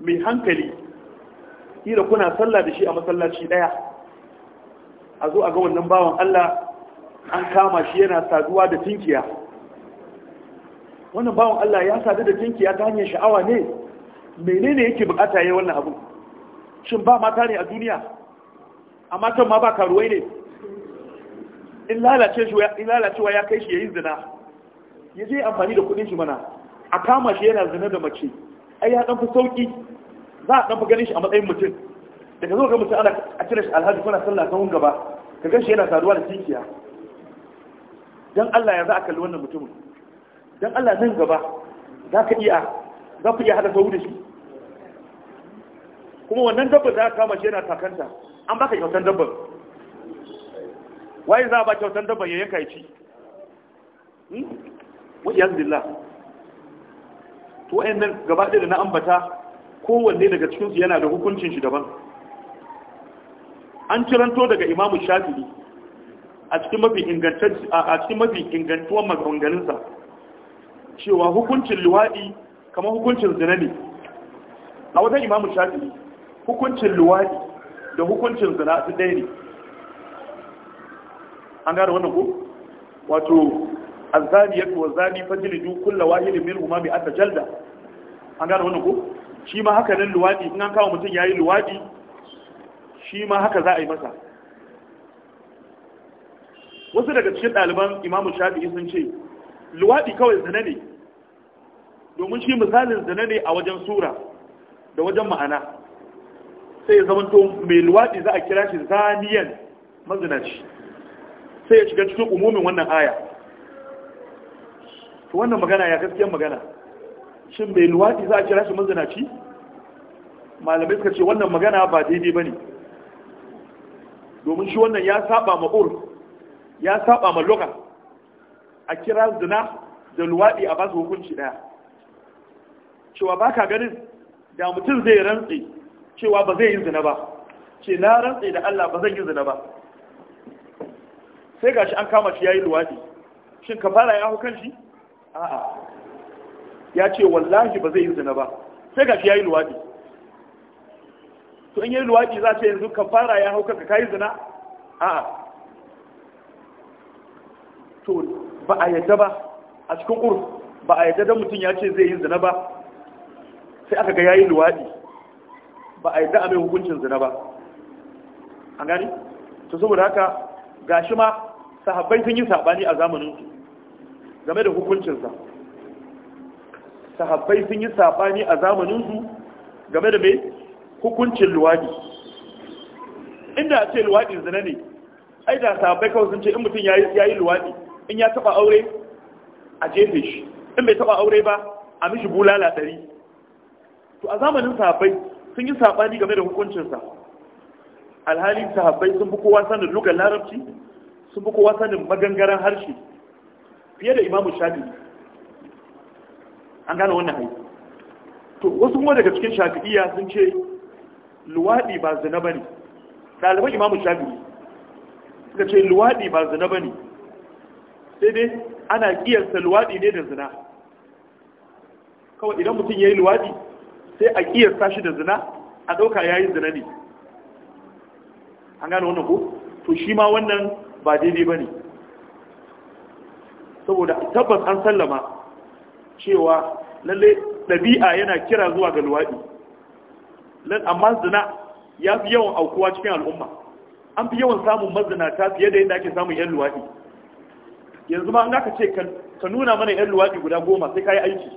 mai hankali ira kuna sallah da shi a masallaci ɗaya a zo a ga wannan bawan Allah an kama shi yana saduwa da tinkiya wannan bawan Allah ya sadu da tinkiya ta hanyar sha'awa ne menene yake bukata yayin wannan abu shin ba mata ne a duniya a matan ma ba karuwai ne in lalacewa ya kai shi ya yi zina ya je amfani da kudin shi mana a kama shi yana zina da mace ai ya dan fi sauki za a dan fi ganin shi a matsayin mutum daga zo ga mutum ana a cire shi alhaji kuna sallah sahun gaba ka gan shi yana saduwa da cikiya dan Allah ya za a kalli wannan mutumin dan Allah nan gaba za ka iya za ku iya hada sahu da shi kuma wannan dabba za a kama shi yana takanta an baka kyautan dabban waye za a ba kyautan dabban ya yanka ya ci hmm? wajen zillah to nan gaba ɗaya da na ambata kowanne daga cikinsu yana da hukuncin shi daban an kiranto daga imamu shafi'i a cikin mafi a cikin mafi ingantuwan maganganunsa cewa hukuncin luwaɗi kamar hukuncin zina ne a wajen imamu shafi'i hukuncin luwaɗi da hukuncin zina su ɗaya ne an gane wannan ko wato azaniyatu wa zani fajlidu kullu wahidin minhuma bi ata jalda an gane wannan ko shi ma haka nan luwadi in an kawo mutum yayi luwadi shi ma haka za a yi masa wasu daga cikin ɗaliban imamu shafi'i sun ce luwadi kawai zana ne domin shi misalin zana ne a wajen sura da wajen ma'ana sai ya zama to mai luwadi za a kira shi zaniyan mazinaci sai ya shiga cikin umumin wannan aya to wannan magana ya gaskiyar magana shin bai luwaɗi za a kira shi mazinaci malamai suka ce wannan magana ba daidai ba ne domin shi wannan ya saba ma ur ya saba ma loka a kira zina da luwaɗi a basu hukunci ɗaya cewa ba ka ganin da mutum zai rantse cewa ba zai yi zina ba ce na rantse da Allah ba zan yi zina ba sai gashi an kama shi ya yi luwaɗi shin kafara ya hau kan shi a'a ya ce wallahi ba zai yi zina ba sai gashi ya yi luwaɗi to in yi luwaɗi za ce yanzu fara ya hau ka yi zina a'a to ba a yadda ba a cikin urf ba a yadda da mutum ya ce zai yi zina ba sai aka ga ya yi luwaɗi ba a yadda a mai hukuncin zina ba an gani to saboda haka gashi ma sahabbai sun yi saɓani a zamaninsu game da hukuncinsa sahabbai sun yi sabani a zamaninsu game da mai hukuncin luwadi inda a ce luwadi zina ne ai da sahabbai kawai sun ce in mutum ya yi luwadi in ya taba aure a jefe shi in bai taba aure ba a mishi bulala ɗari to a zamanin sahabbai sun yi sabani game da hukuncinsa Alhali sahabbai sun fi kowa sanin lugar larabci sun fi kowa sanin magangaren harshe fiye da imamu shafi an gane wannan haihu to wasu kuma daga cikin shafi'iya sun ce luwaɗi ba zina ba ne ɗaliban imamu shafi suka ce luwaɗi ba zina ba ne sai dai ana ƙiyarsa luwaɗi ne da zina kawai idan mutum ya yi luwaɗi sai a ƙiyarsa shi da zina a ɗauka ya yi zina ne an gane wannan ko to shi ma wannan ba daidai ba ne saboda tabbas an sallama cewa lalle ɗabi'a yana kira zuwa ga luwaɗi amma zina ya fi yawan aukuwa cikin al'umma an fi yawan samun mazinata fiye da yadda ake samun 'yan luwaɗi yanzu ma an aka ce ka nuna mana 'yan luwaɗi guda goma sai ka yi aiki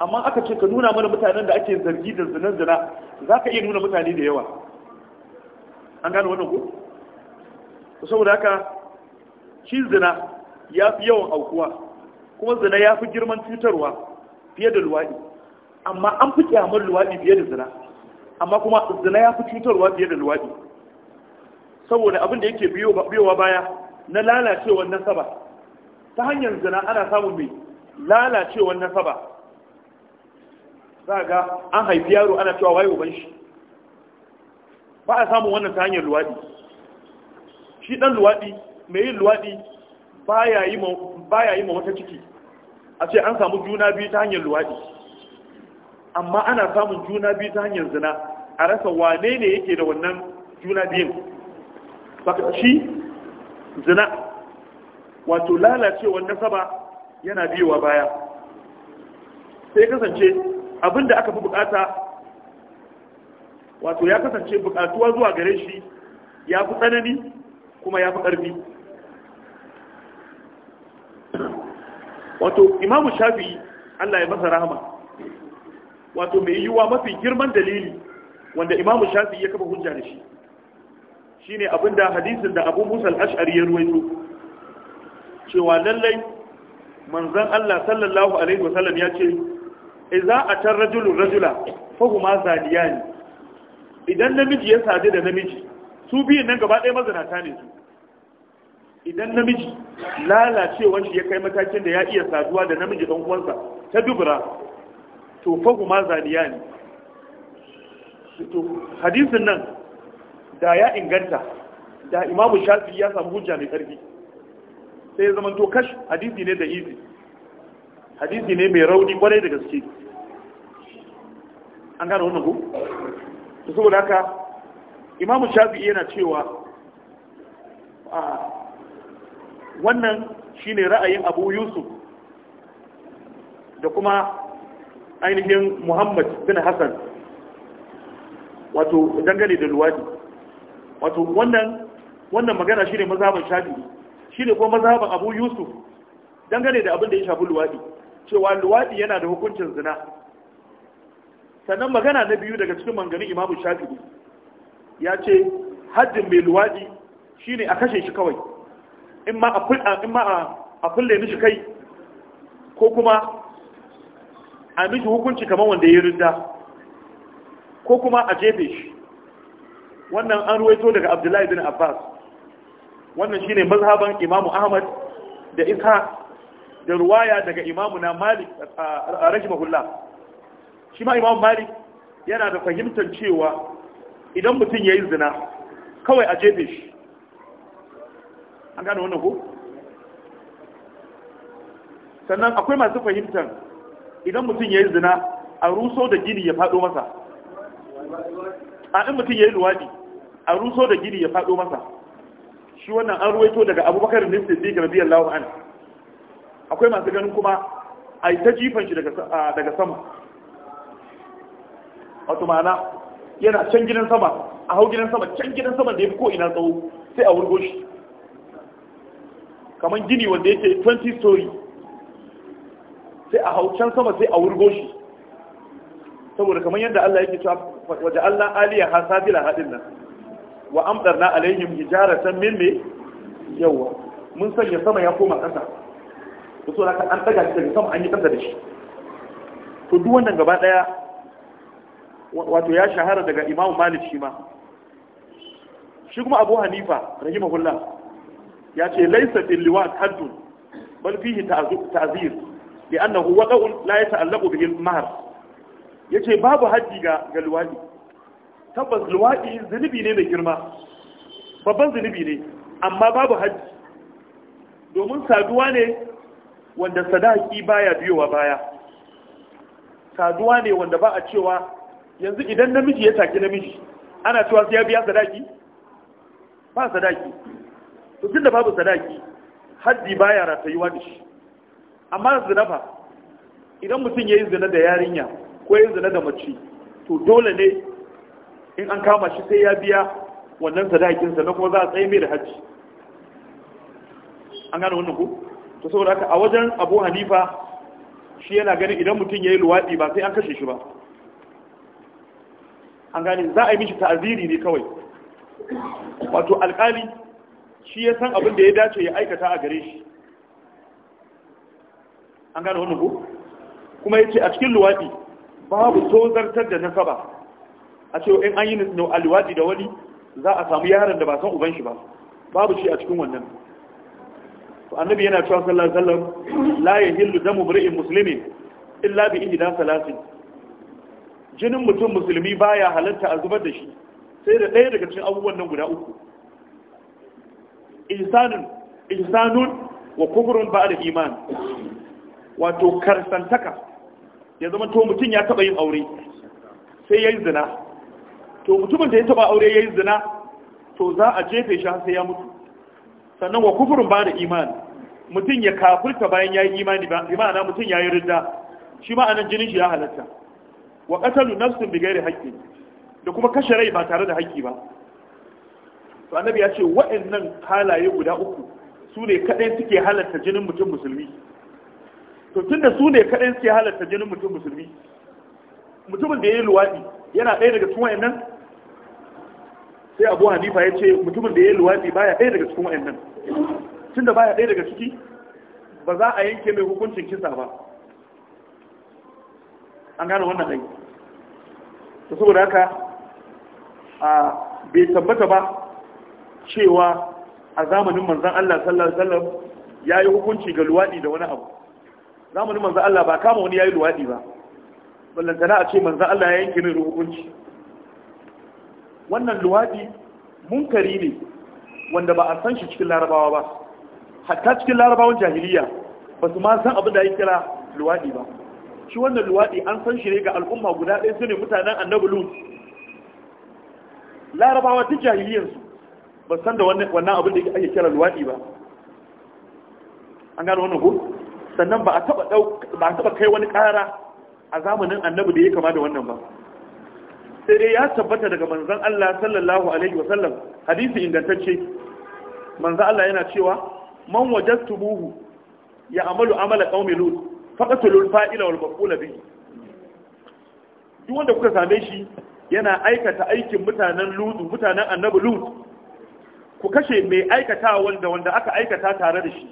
amma aka ce ka nuna mana mutanen da ake zargi da zina-zina za ka iya nuna mutane da yawa an gano wannan ku saboda haka shi zina ya fi yawan aukuwa kuma zina ya fi girman cutarwa fiye da luwaɗi amma an fi kyamar luwaɗi fiye da zina amma kuma zina ya fi cutarwa fiye da luwaɗi saboda abin da yake biyowa baya na lalacewar nasaba ta hanyar zina ana samun mai lalacewar nasaba za ga an haifi yaro ana cewa wayo ban shi ba a samun wannan ta hanyar luwaɗi shi ɗan luwaɗi mai yin luwaɗi Ba ya yi ma wata ciki a ce an samu juna biyu ta hanyar luwaɗi amma ana samun juna biyu ta hanyar zina a rasa wane ne yake da wannan juna biyun shi zina wato lalacewar nasaba yana biyowa baya sai kasance abinda aka fi bukata wato ya kasance bukatuwa zuwa gare shi ya fi tsanani kuma ya fi ƙarfi wato imamu shafi'i Allah ya masa rahama wato mai yiwuwa mafi girman dalili wanda imamu shafi'i ya kafa hujja da shi shine abinda hadisin da Abu Musa al-Ash'ari ya ruwaito cewa lallai manzan Allah sallallahu alaihi wasallam ya ce a can rajulu rajula fahuma ne. idan namiji ya sadu da namiji su biyun nan gaba ɗaya mazanata ne su idan namiji lalacewar shi ya kai matakin da ya iya saduwa da namiji don uwansa ta dubura to fagu ma zaniya ne hadisin nan da ya inganta da imamu shafi ya samu hujja mai ƙarfi sai ya zama to kash hadisi ne da izi hadisi ne mai rauni kwarai da gaske an gane wannan ku? saboda haka imamu shafi yana cewa wannan shine ra'ayin abu yusuf da kuma ainihin muhammad bin hassan wato dangane da luwadi wato wannan wannan magana shine mazhaban shafi'i shine kuma mazhaban abu yusuf dangane da abin da ya shafi luwadi cewa luwadi yana da hukuncin zina sannan magana na biyu daga cikin manganin imamu shafi ya ce haddin mai luwadi shine a kashe shi kawai in ma a kulle mishi kai ko kuma a mishi hukunci kamar wanda ya rinda ko kuma a jefe shi wannan an ruwaito daga abdullahi bin abbas wannan shine mazhaban imamu ahmad da isa da ruwaya daga imamu na malik a mahulla shi ma imamu malik yana da fahimtar cewa idan mutum ya yi zina kawai a jefe shi an gane wannan ko sannan akwai masu fahimtar idan mutum ya yi zina a ruso da gini ya faɗo masa a in mutum ya yi luwaɗi a ruso da gini ya faɗo masa shi wannan an ruwaito daga abubakar ne su zika biyan lawa an akwai masu ganin kuma a yi ta jifan shi daga sama wato ma'ana yana can gidan sama a hau gidan sama can gidan sama da ya fi ko ina tsawo sai a wurgo shi kamar gini wanda yake 20 story sai a haucan sama sai a wurgo shi saboda kamar yadda Allah yake cewa waje Allah aliya hasabila hadin nan wa amdarna alaihim hijaratan min me yawa mun sanya sama ya koma kasa to so haka an daga shi sama an yi kasa da shi to duk wannan gaba daya wato ya shahara daga Imam Malik shi ma shi kuma Abu Hanifa rahimahullah ya ce laisa fil liwat haddun bal fihi ta'zir bi annahu wada'un la yata'allaqu bihi al-mahr yace babu haddi ga ga tabbas liwadi zunubi ne mai girma babban zunubi ne amma babu haddi domin saduwa ne wanda sadaki baya biyowa baya saduwa ne wanda ba a cewa yanzu idan namiji ya taki namiji ana cewa sai ya biya sadaki ba sadaki to tunda babu sadaki haddi baya ratayuwa da shi amma zinafa idan mutum ya yi zina da yarinya ko ya yi zina da mace to dole ne in an kama shi sai ya biya wannan sadakinsa na kuma za a tsaye mai da hajji an gane wannan ku to saboda haka a wajen abu hanifa shi yana ganin idan mutum ya yi luwaɗi ba sai an kashe shi ba an gane za a yi mishi ta'aziri ne kawai wato alƙali shi ya san abin da ya dace ya aikata a gare shi an gane wannan ku? kuma yace a cikin luwadi babu tozartar da nasaba a ce in an yi a luwaɗi da wani za a samu yaron da ba san uban shi ba babu shi a cikin wannan to annabi yana cewa sallar alaihi wasallam la yahillu damu mar'in muslimin illa bi ihda salasin jinin mutum musulmi baya halatta a zubar da shi sai da ɗaya daga cikin abubuwan nan guda uku insanun ihsanun wa ba ba'da iman wato karsantaka ya zama to mutum ya taba yin aure sai ya yi zina to mutumin da ya taba aure ya yi zina to za a jefe shi sai ya mutu sannan wa ba ba'da iman mutum ya kafurta bayan ya yi imani ba bi ma'ana mutum yayi rida shi ma'anan jinin shi ya halatta wa qatalu nafsin bi ghairi da kuma kashe rai ba tare da haƙƙi ba to annabi ya ce waɗannan halaye guda uku su ne kadai suke halatta jinin mutum musulmi to tunda su ne kadai suke halatta jinin mutum musulmi mutumin da ya yi luwaɗi yana ɗaya daga cikin waɗannan sai abu hanifa ya ce mutumin da ya yi luwaɗi baya ɗaya daga cikin waɗannan tunda baya ɗaya daga ciki ba za a yanke mai hukuncin kisa ba an gane wannan ɗai saboda haka a bai tabbata ba cewa a zamanin manzan Allah sallallahu alaihi wasallam yi hukunci ga luwaɗi da wani abu zamanin manzan Allah ba kama wani ya yi luwaɗi ba ballantana a ce manzan Allah ya yanke nuna hukunci wannan luwaɗi munkari ne wanda ba a san shi cikin larabawa ba hatta cikin larabawan jahiliya ba su ma san abin da ya kira luwaɗi ba shi wannan luwaɗi an san shi ne ga al'umma guda ɗaya su ne mutanen annabi lut larabawa duk jahiliyarsu ba san da wannan abin da ake kira luwaɗi ba an gano wannan ko sannan ba a taba kai wani ƙara a zamanin annabi da ya kama da wannan ba sai dai ya tabbata daga manzan Allah sallallahu alaihi wasallam hadisi ingantacce manzan Allah yana cewa man wajadtumuhu ya amalu amala qaumi lut faqatul fa'ila wal maqula bi duk wanda kuka same shi yana aikata aikin mutanen lut mutanen annabi lut ku kashe mai aikata wanda wanda aka aikata tare da shi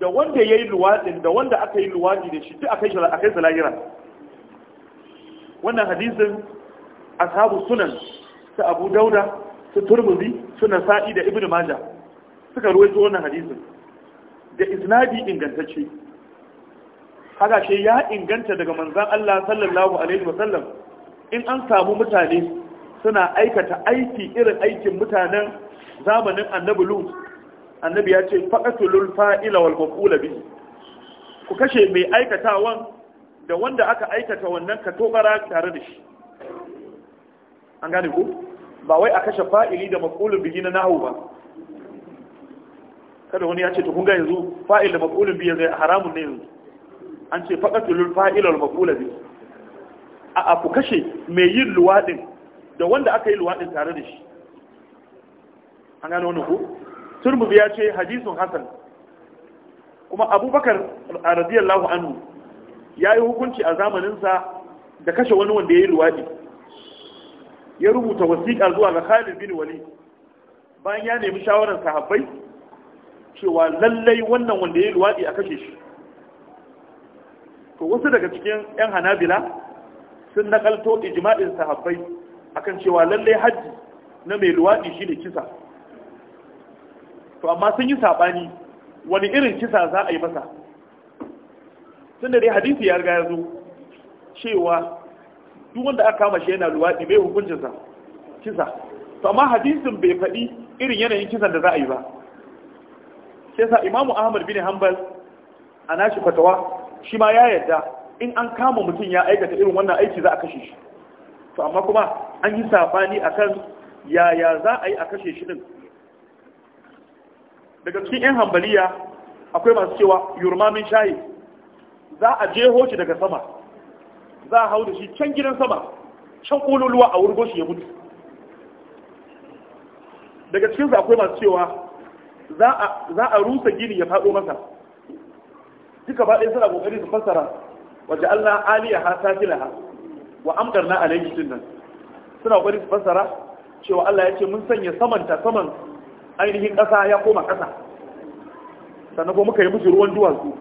da wanda ya yi luwaɗin da wanda aka yi luwaɗi da shi duk a kai salahira wannan hadisin ashabu sunan ta abu dauda ta turmuzi suna sa'i da ibn maja suka ruwaito wannan hadisin da isnadi ingantacce haka ce ya inganta daga manzan Allah sallallahu alaihi wasallam in an samu mutane suna aikata aiki irin aikin mutanen zamanin annabi lut annabi ya ce faqatul fa'ila wal maqula bi ku kashe mai aikatawan da wanda aka aikata wannan ka tobara tare da shi an gane ku ba wai a kashe fa'ili da maqulun bihi na nahu ba kada wani ya ce to kun ga yanzu fa'il da maqulun bihi zai haramun ne yanzu an ce faqatul fa'ila wal maqula bi a ku kashe mai yin luwadin da wanda aka yi luwaɗin tare da shi an gano wani ku Turmu ya ce hadisun Hassan. kuma abubakar a radiyallahu anhu ya yi hukunci a zamaninsa da kashe wani wanda ya yi luwaɗi ya rubuta wasiƙa zuwa ga khalid bin wali bayan ya nemi shawarar sahabbai cewa lallai wannan wanda ya yi luwaɗi a kashe shi to wasu daga cikin 'yan hanabila sun nakalto ijma'in sahabbai akan cewa lallai hajji na mai luwaɗi shi ne kisa to amma sun yi saɓani wani irin kisa za a yi masa tun da dai hadisi ya riga ya zo cewa duk wanda aka kama shi yana luwaɗi mai hukuncinsa kisa to amma hadisin bai faɗi irin yanayin kisan da za a yi ba sai sa imamu ahmad bin hanbal a nashi fatawa shi ma ya yarda in an kama mutum ya aikata irin wannan aiki za a kashe shi to amma kuma an yi sabani akan yaya za a yi a kashe shi din daga cikin yan hambaliya akwai masu cewa yurma min shayi za a jeho shi daga sama za a hau da shi can gidan sama can kololuwa a wurgo shi ya mutu daga cikin akwai masu cewa za a rusa gini ya faɗo masa duka ba ɗaya suna ƙoƙari su fassara wajen Allah aliya ha ta wa amkar na alayhi din nan suna kwari su fassara cewa Allah ya ce mun sanya samanta saman ainihin ƙasa ya koma ƙasa sannan kuma muka yi musu ruwan duwatsu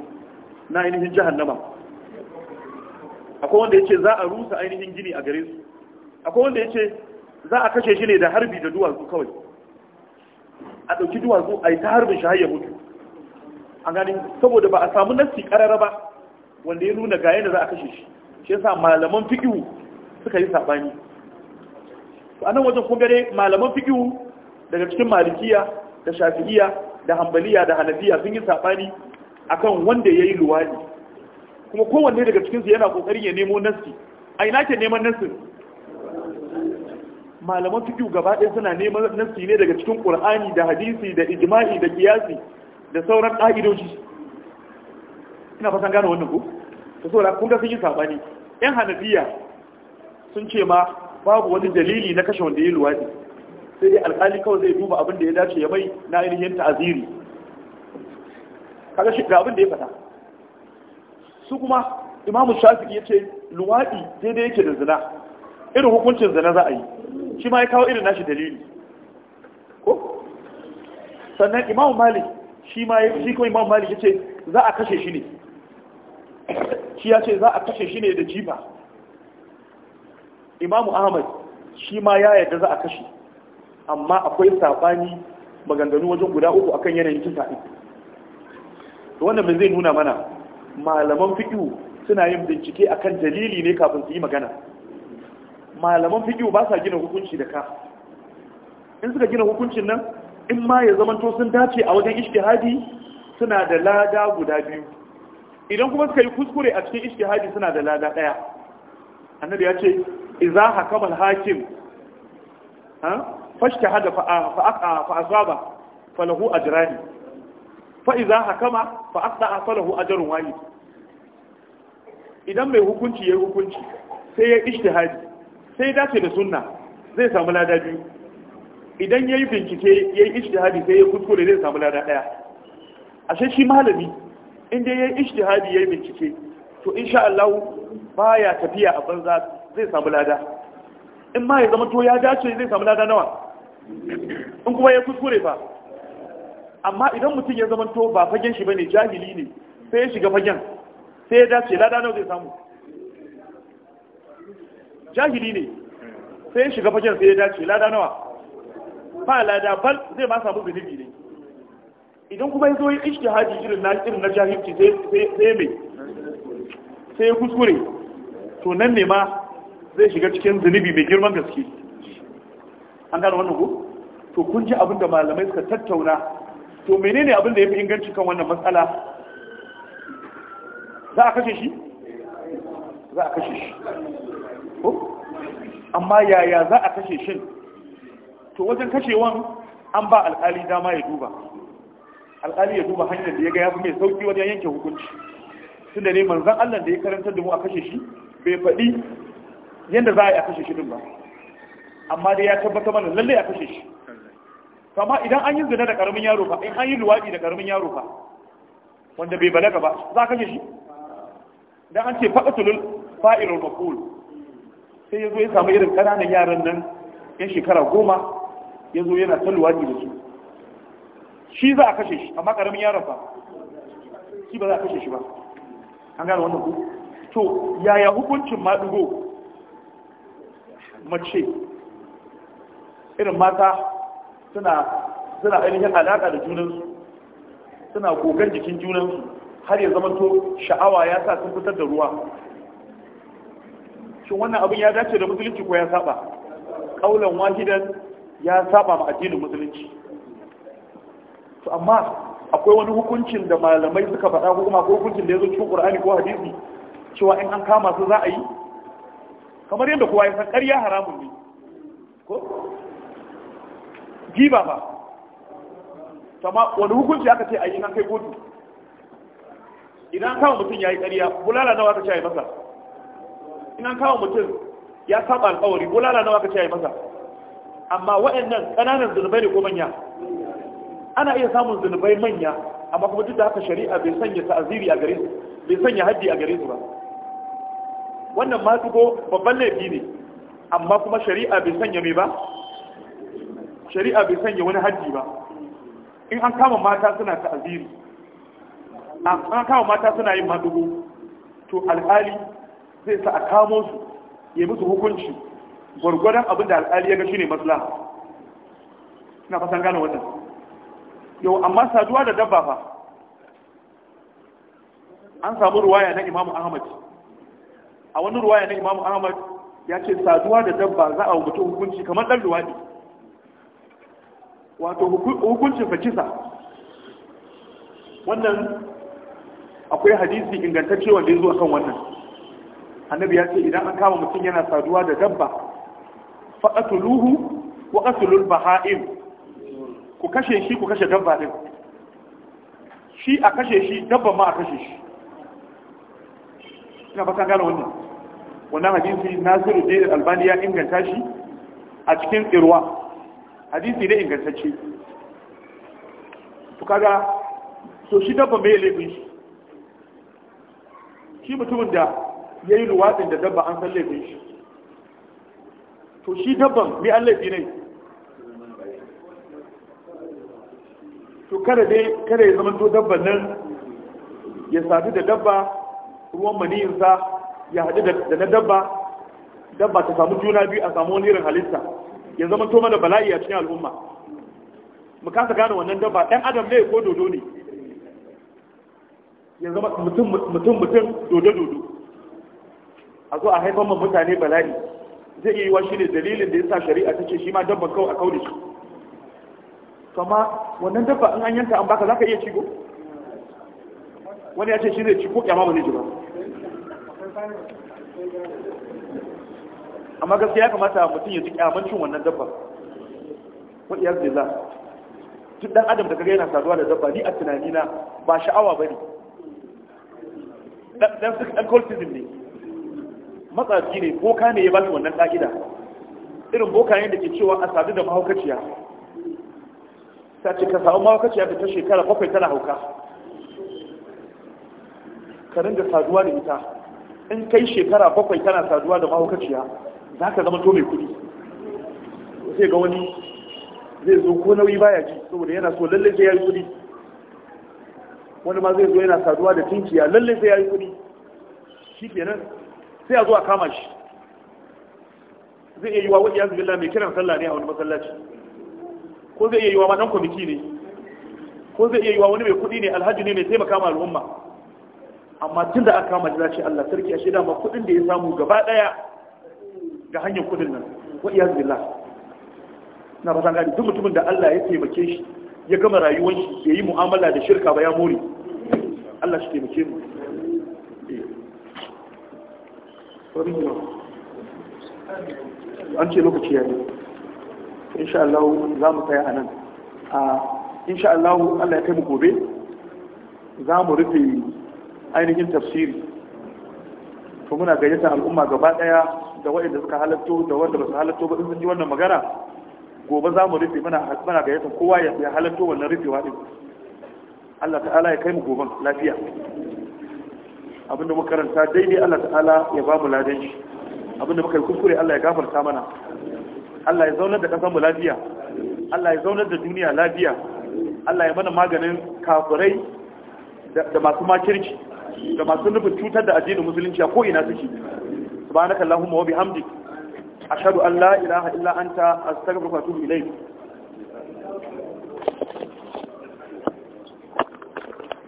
na ainihin jahannama akwai wanda ya ce za a rusa ainihin gini a gare su akwai wanda ya ce za a kashe shi ne da harbi da duwatsu kawai a ɗauki duwatsu a yi ta harbin shi har mutu a gani saboda ba a samu nassi ƙarara ba wanda ya nuna ga yadda za a kashe shi shi yasa malaman fiƙihu suka yi saɓani to anan wajen kun gare malaman fiqhu daga cikin malikiya da shafi'iyya da hanbaliya da hanafiya sun yi sabani akan wanda yayi luwadi kuma kowanne daga cikin su yana kokarin ya nemo nassi ai nake neman nassin malaman fiqhu gaba ɗaya suna neman nassi ne daga cikin qur'ani da hadisi da ijma'i da qiyasi da sauran ƙa'idoji ina fatan gane wannan ku to saboda kun ga sun yi sabani yan hanafiya sun ce ma babu wani dalili na kashe wanda ya yi luwaɗi sai dai alƙali kawai zai duba abin da ya dace ya mai na ainihin ta'aziri kaga shi ga abin da ya fata. su kuma imamu shafi'i yace luwaɗi daidai yake da zina irin hukuncin zina za a yi shi ma ya kawo irin nashi dalili ko sannan imamu malik shi ma ya shi kuma imamu malik yace za a kashe shi ne shi ya ce za a kashe shi ne da jifa imamu ahmad shi ma ya yarda za a kashe amma akwai saɓani maganganu wajen guda uku akan yanayin kisa ɗin to wannan bai zai nuna mana malaman fiƙiyu suna yin bincike akan dalili ne kafin su yi magana malaman fiƙiyu ba sa gina hukunci da ka in suka gina hukuncin nan in ma ya zamanto sun dace a wajen ishtihadi suna da lada guda biyu idan kuma suka yi kuskure a cikin ishtihadi suna da lada ɗaya annabi ya ce Iza hakama hakim ha hada fa aqa fa falahu ajrani fa Fa'iza hakama fa aqta falahu ajrun wahid idan mai hukunci yayi hukunci sai ya ijtihadi sai ya dace da sunna zai samu lada biyu idan yayi bincike yayi ijtihadi sai ya kuskure zai samu lada daya ashe shi malami inda yayi ya yayi bincike to insha Allah baya tafiya a banza zai samu lada in ma ya zama to ya dace zai samu lada nawa in kuma ya kuskure ba amma idan mutum ya zama to ba fagen shi bane jahili ne sai ya shiga fagen sai ya dace lada nawa zai samu jahili ne sai ya shiga fagen sai ya dace lada nawa ba lada bal zai ma samu zunubi ne idan kuma ya zo ya haji irin na irin na jahilci sai sai mai sai ya kuskure to nan ne ma zai shiga cikin zunubi mai girman gaske an gano wannan ko to kun ji abin da malamai suka tattauna to menene abin da ya fi inganci kan wannan matsala za a kashe shi za a kashe shi ko amma yaya za a kashe shin to wajen kashewan an ba alkali dama ya duba alkali ya duba hanyar da ya ga ya fi mai sauki wajen yanke hukunci tunda ne manzan Allah da ya karanta da mu a kashe shi bai faɗi yadda za a yi a kashe shi ba amma dai ya tabbatar mana lallai a kashe shi kama idan an yi zina da karamin yaro fa in an yi luwaɗi da karamin yaro fa wanda bai balaga ba za a kashe shi idan an ce faɗatulul fa'irar makul sai ya zo ya samu irin ƙananan yaran nan yan shekara goma ya zo yana ta luwaɗi da su shi za a kashe shi amma karamin yaron ba, shi ba za a kashe shi ba an gane wannan ku to yaya hukuncin maɗugo mace irin mata suna suna ainihin alaƙa da junansu suna gogan jikin junansu har ya zama sha'awa ya sa sun fitar da ruwa shin wannan abin ya dace da musulunci ko ya saba ƙaunar wahidan ya saba ma addinin musulunci to amma akwai wani hukuncin da malamai suka faɗa ko kuma hukuncin da ya zo cikin ƙura'ani ko hadisi cewa in an kama su za a yi kamar yadda kowa ya san ƙarya haramun ne ko giba ba sama wani hukunci aka ce a yi kai kotu idan kawo mutum ya yi ƙarya bulala nawa aka ce a yi masa idan kawo mutum ya saba alƙawari bulala nawa aka ce a yi masa amma waɗannan ƙananan zunubai ne ko manya ana iya samun zunubai manya amma kuma duk da haka shari'a bai sanya ta'aziri a gare su bai sanya haddi a gare su ba wannan madugo babban laifi ne amma kuma shari'a bai sanya mai ba shari'a bai sanya wani hajji ba in an kama mata suna ta'aziri an kama mata suna yin madugo to alhali zai sa a kamo su ya musu hukunci gwargwaron abin da alhali ya ga ne matsala na fasan gane wannan yau amma saduwa da dabba fa an samu ruwaya na imamu ahmad a wani ruwaya na imamu ahmad ya ce saduwa da dabba za a mutum hukunci kamar ɗan luwaɗi wato hukuncin fakisa wannan akwai hadisi ingantacce wanda ya zo kan wannan annabi ya ce idan an kama mutum yana saduwa da dabba luhu, wa ƙasulul baha'im ku kashe shi ku kashe dabba ɗin shi a kashe shi dabba ma a kashe shi ina ba gane wannan wannan hadisi nasiru da albani ya inganta shi a cikin irwa hadisi ne ingantacce to kaga so shi dabba mai laifin shi shi mutumin da ya yi luwatsin da dabba an san laifin shi to shi dabban mai an laifi ne to kada dai kada ya zama to dabban nan ya sadu da dabba ruwan maniyinsa ya haɗu da na dabba dabba ta samu juna biyu a samu wani irin halitta ya zama to mana bala'i a cikin al'umma mu kasa gane wannan dabba ɗan adam ne ko dodo ne ya zama mutum mutum dodo dodo a zo a haifar ma mutane bala'i zai yi wa shi ne dalilin da ya sa shari'a ta ce shi ma dabban kawai a kauri kama wannan dabba in an yanta an baka za ka iya cigo wani ya ce shi zai ci ko kyama wani zai amma gaskiya kamata mutum ya tuki amincin wannan dabba iyar da za duk dan adam da kaga yana saduwa da dabba ni a tunani na ba sha'awa bane ne. dan su dan cultism ne matsafi ne boka ne ya ba wannan ka'ida irin ne da ke cewa a sadu da mahaukaciya ta ce ka samu mahaukaciya da ta shekara bakwai tana hauka ka ringa saduwa da ita in kai shekara bakwai tana saduwa da mahaukaciya za ka zama to mai kuɗi sai ga wani zai zo ko nauyi baya ji saboda yana so lallai sai ya yi kuɗi wani ma zai zo yana saduwa da tinkiya lallai sai ya yi kuɗi shi kenan sai a zo a kama shi zai iya yi wa wani yanzu mai kiran sallah ne a wani masallaci ko zai iya yi wa ma dan kwamiti ne ko zai iya yi wa wani mai kuɗi ne alhaji ne mai taimaka ma al'umma amma tun da aka kama jira ce Allah sarki a shida ma kudin da ya samu gaba daya ga hanyar kudin nan wa iya billah na fatan gani duk mutumin da Allah ya taimake shi ya gama rayuwar shi ya yi mu'amala da shirka ba ya more Allah shi taimake mu an ce lokaci ya yi insha Allah za mu tsaya a nan a insha Allah Allah ya kai mu gobe za mu rufe ainihin tafsiri to muna gayyata al'umma gaba daya da waɗanda suka halatto da wanda ba su halatto ba sun ji wannan magana gobe za mu rufe muna muna gayyata kowa ya halatto wannan rufewa din Allah ta'ala ya kai mu goben lafiya abinda muka karanta daidai Allah ta'ala ya ba mu ladan shi abinda muka yi kuskure Allah ya gafarta mana Allah ya zaunar da ƙasar mu lafiya Allah ya zaunar da duniya lafiya Allah ya mana maganin kafirai da masu makirci da masu nufin cutar da addinin musulunci a ko'ina suke subhanakallahumma wa bihamdik ashhadu an la ilaha illa anta astaghfiruka wa atubu ilayk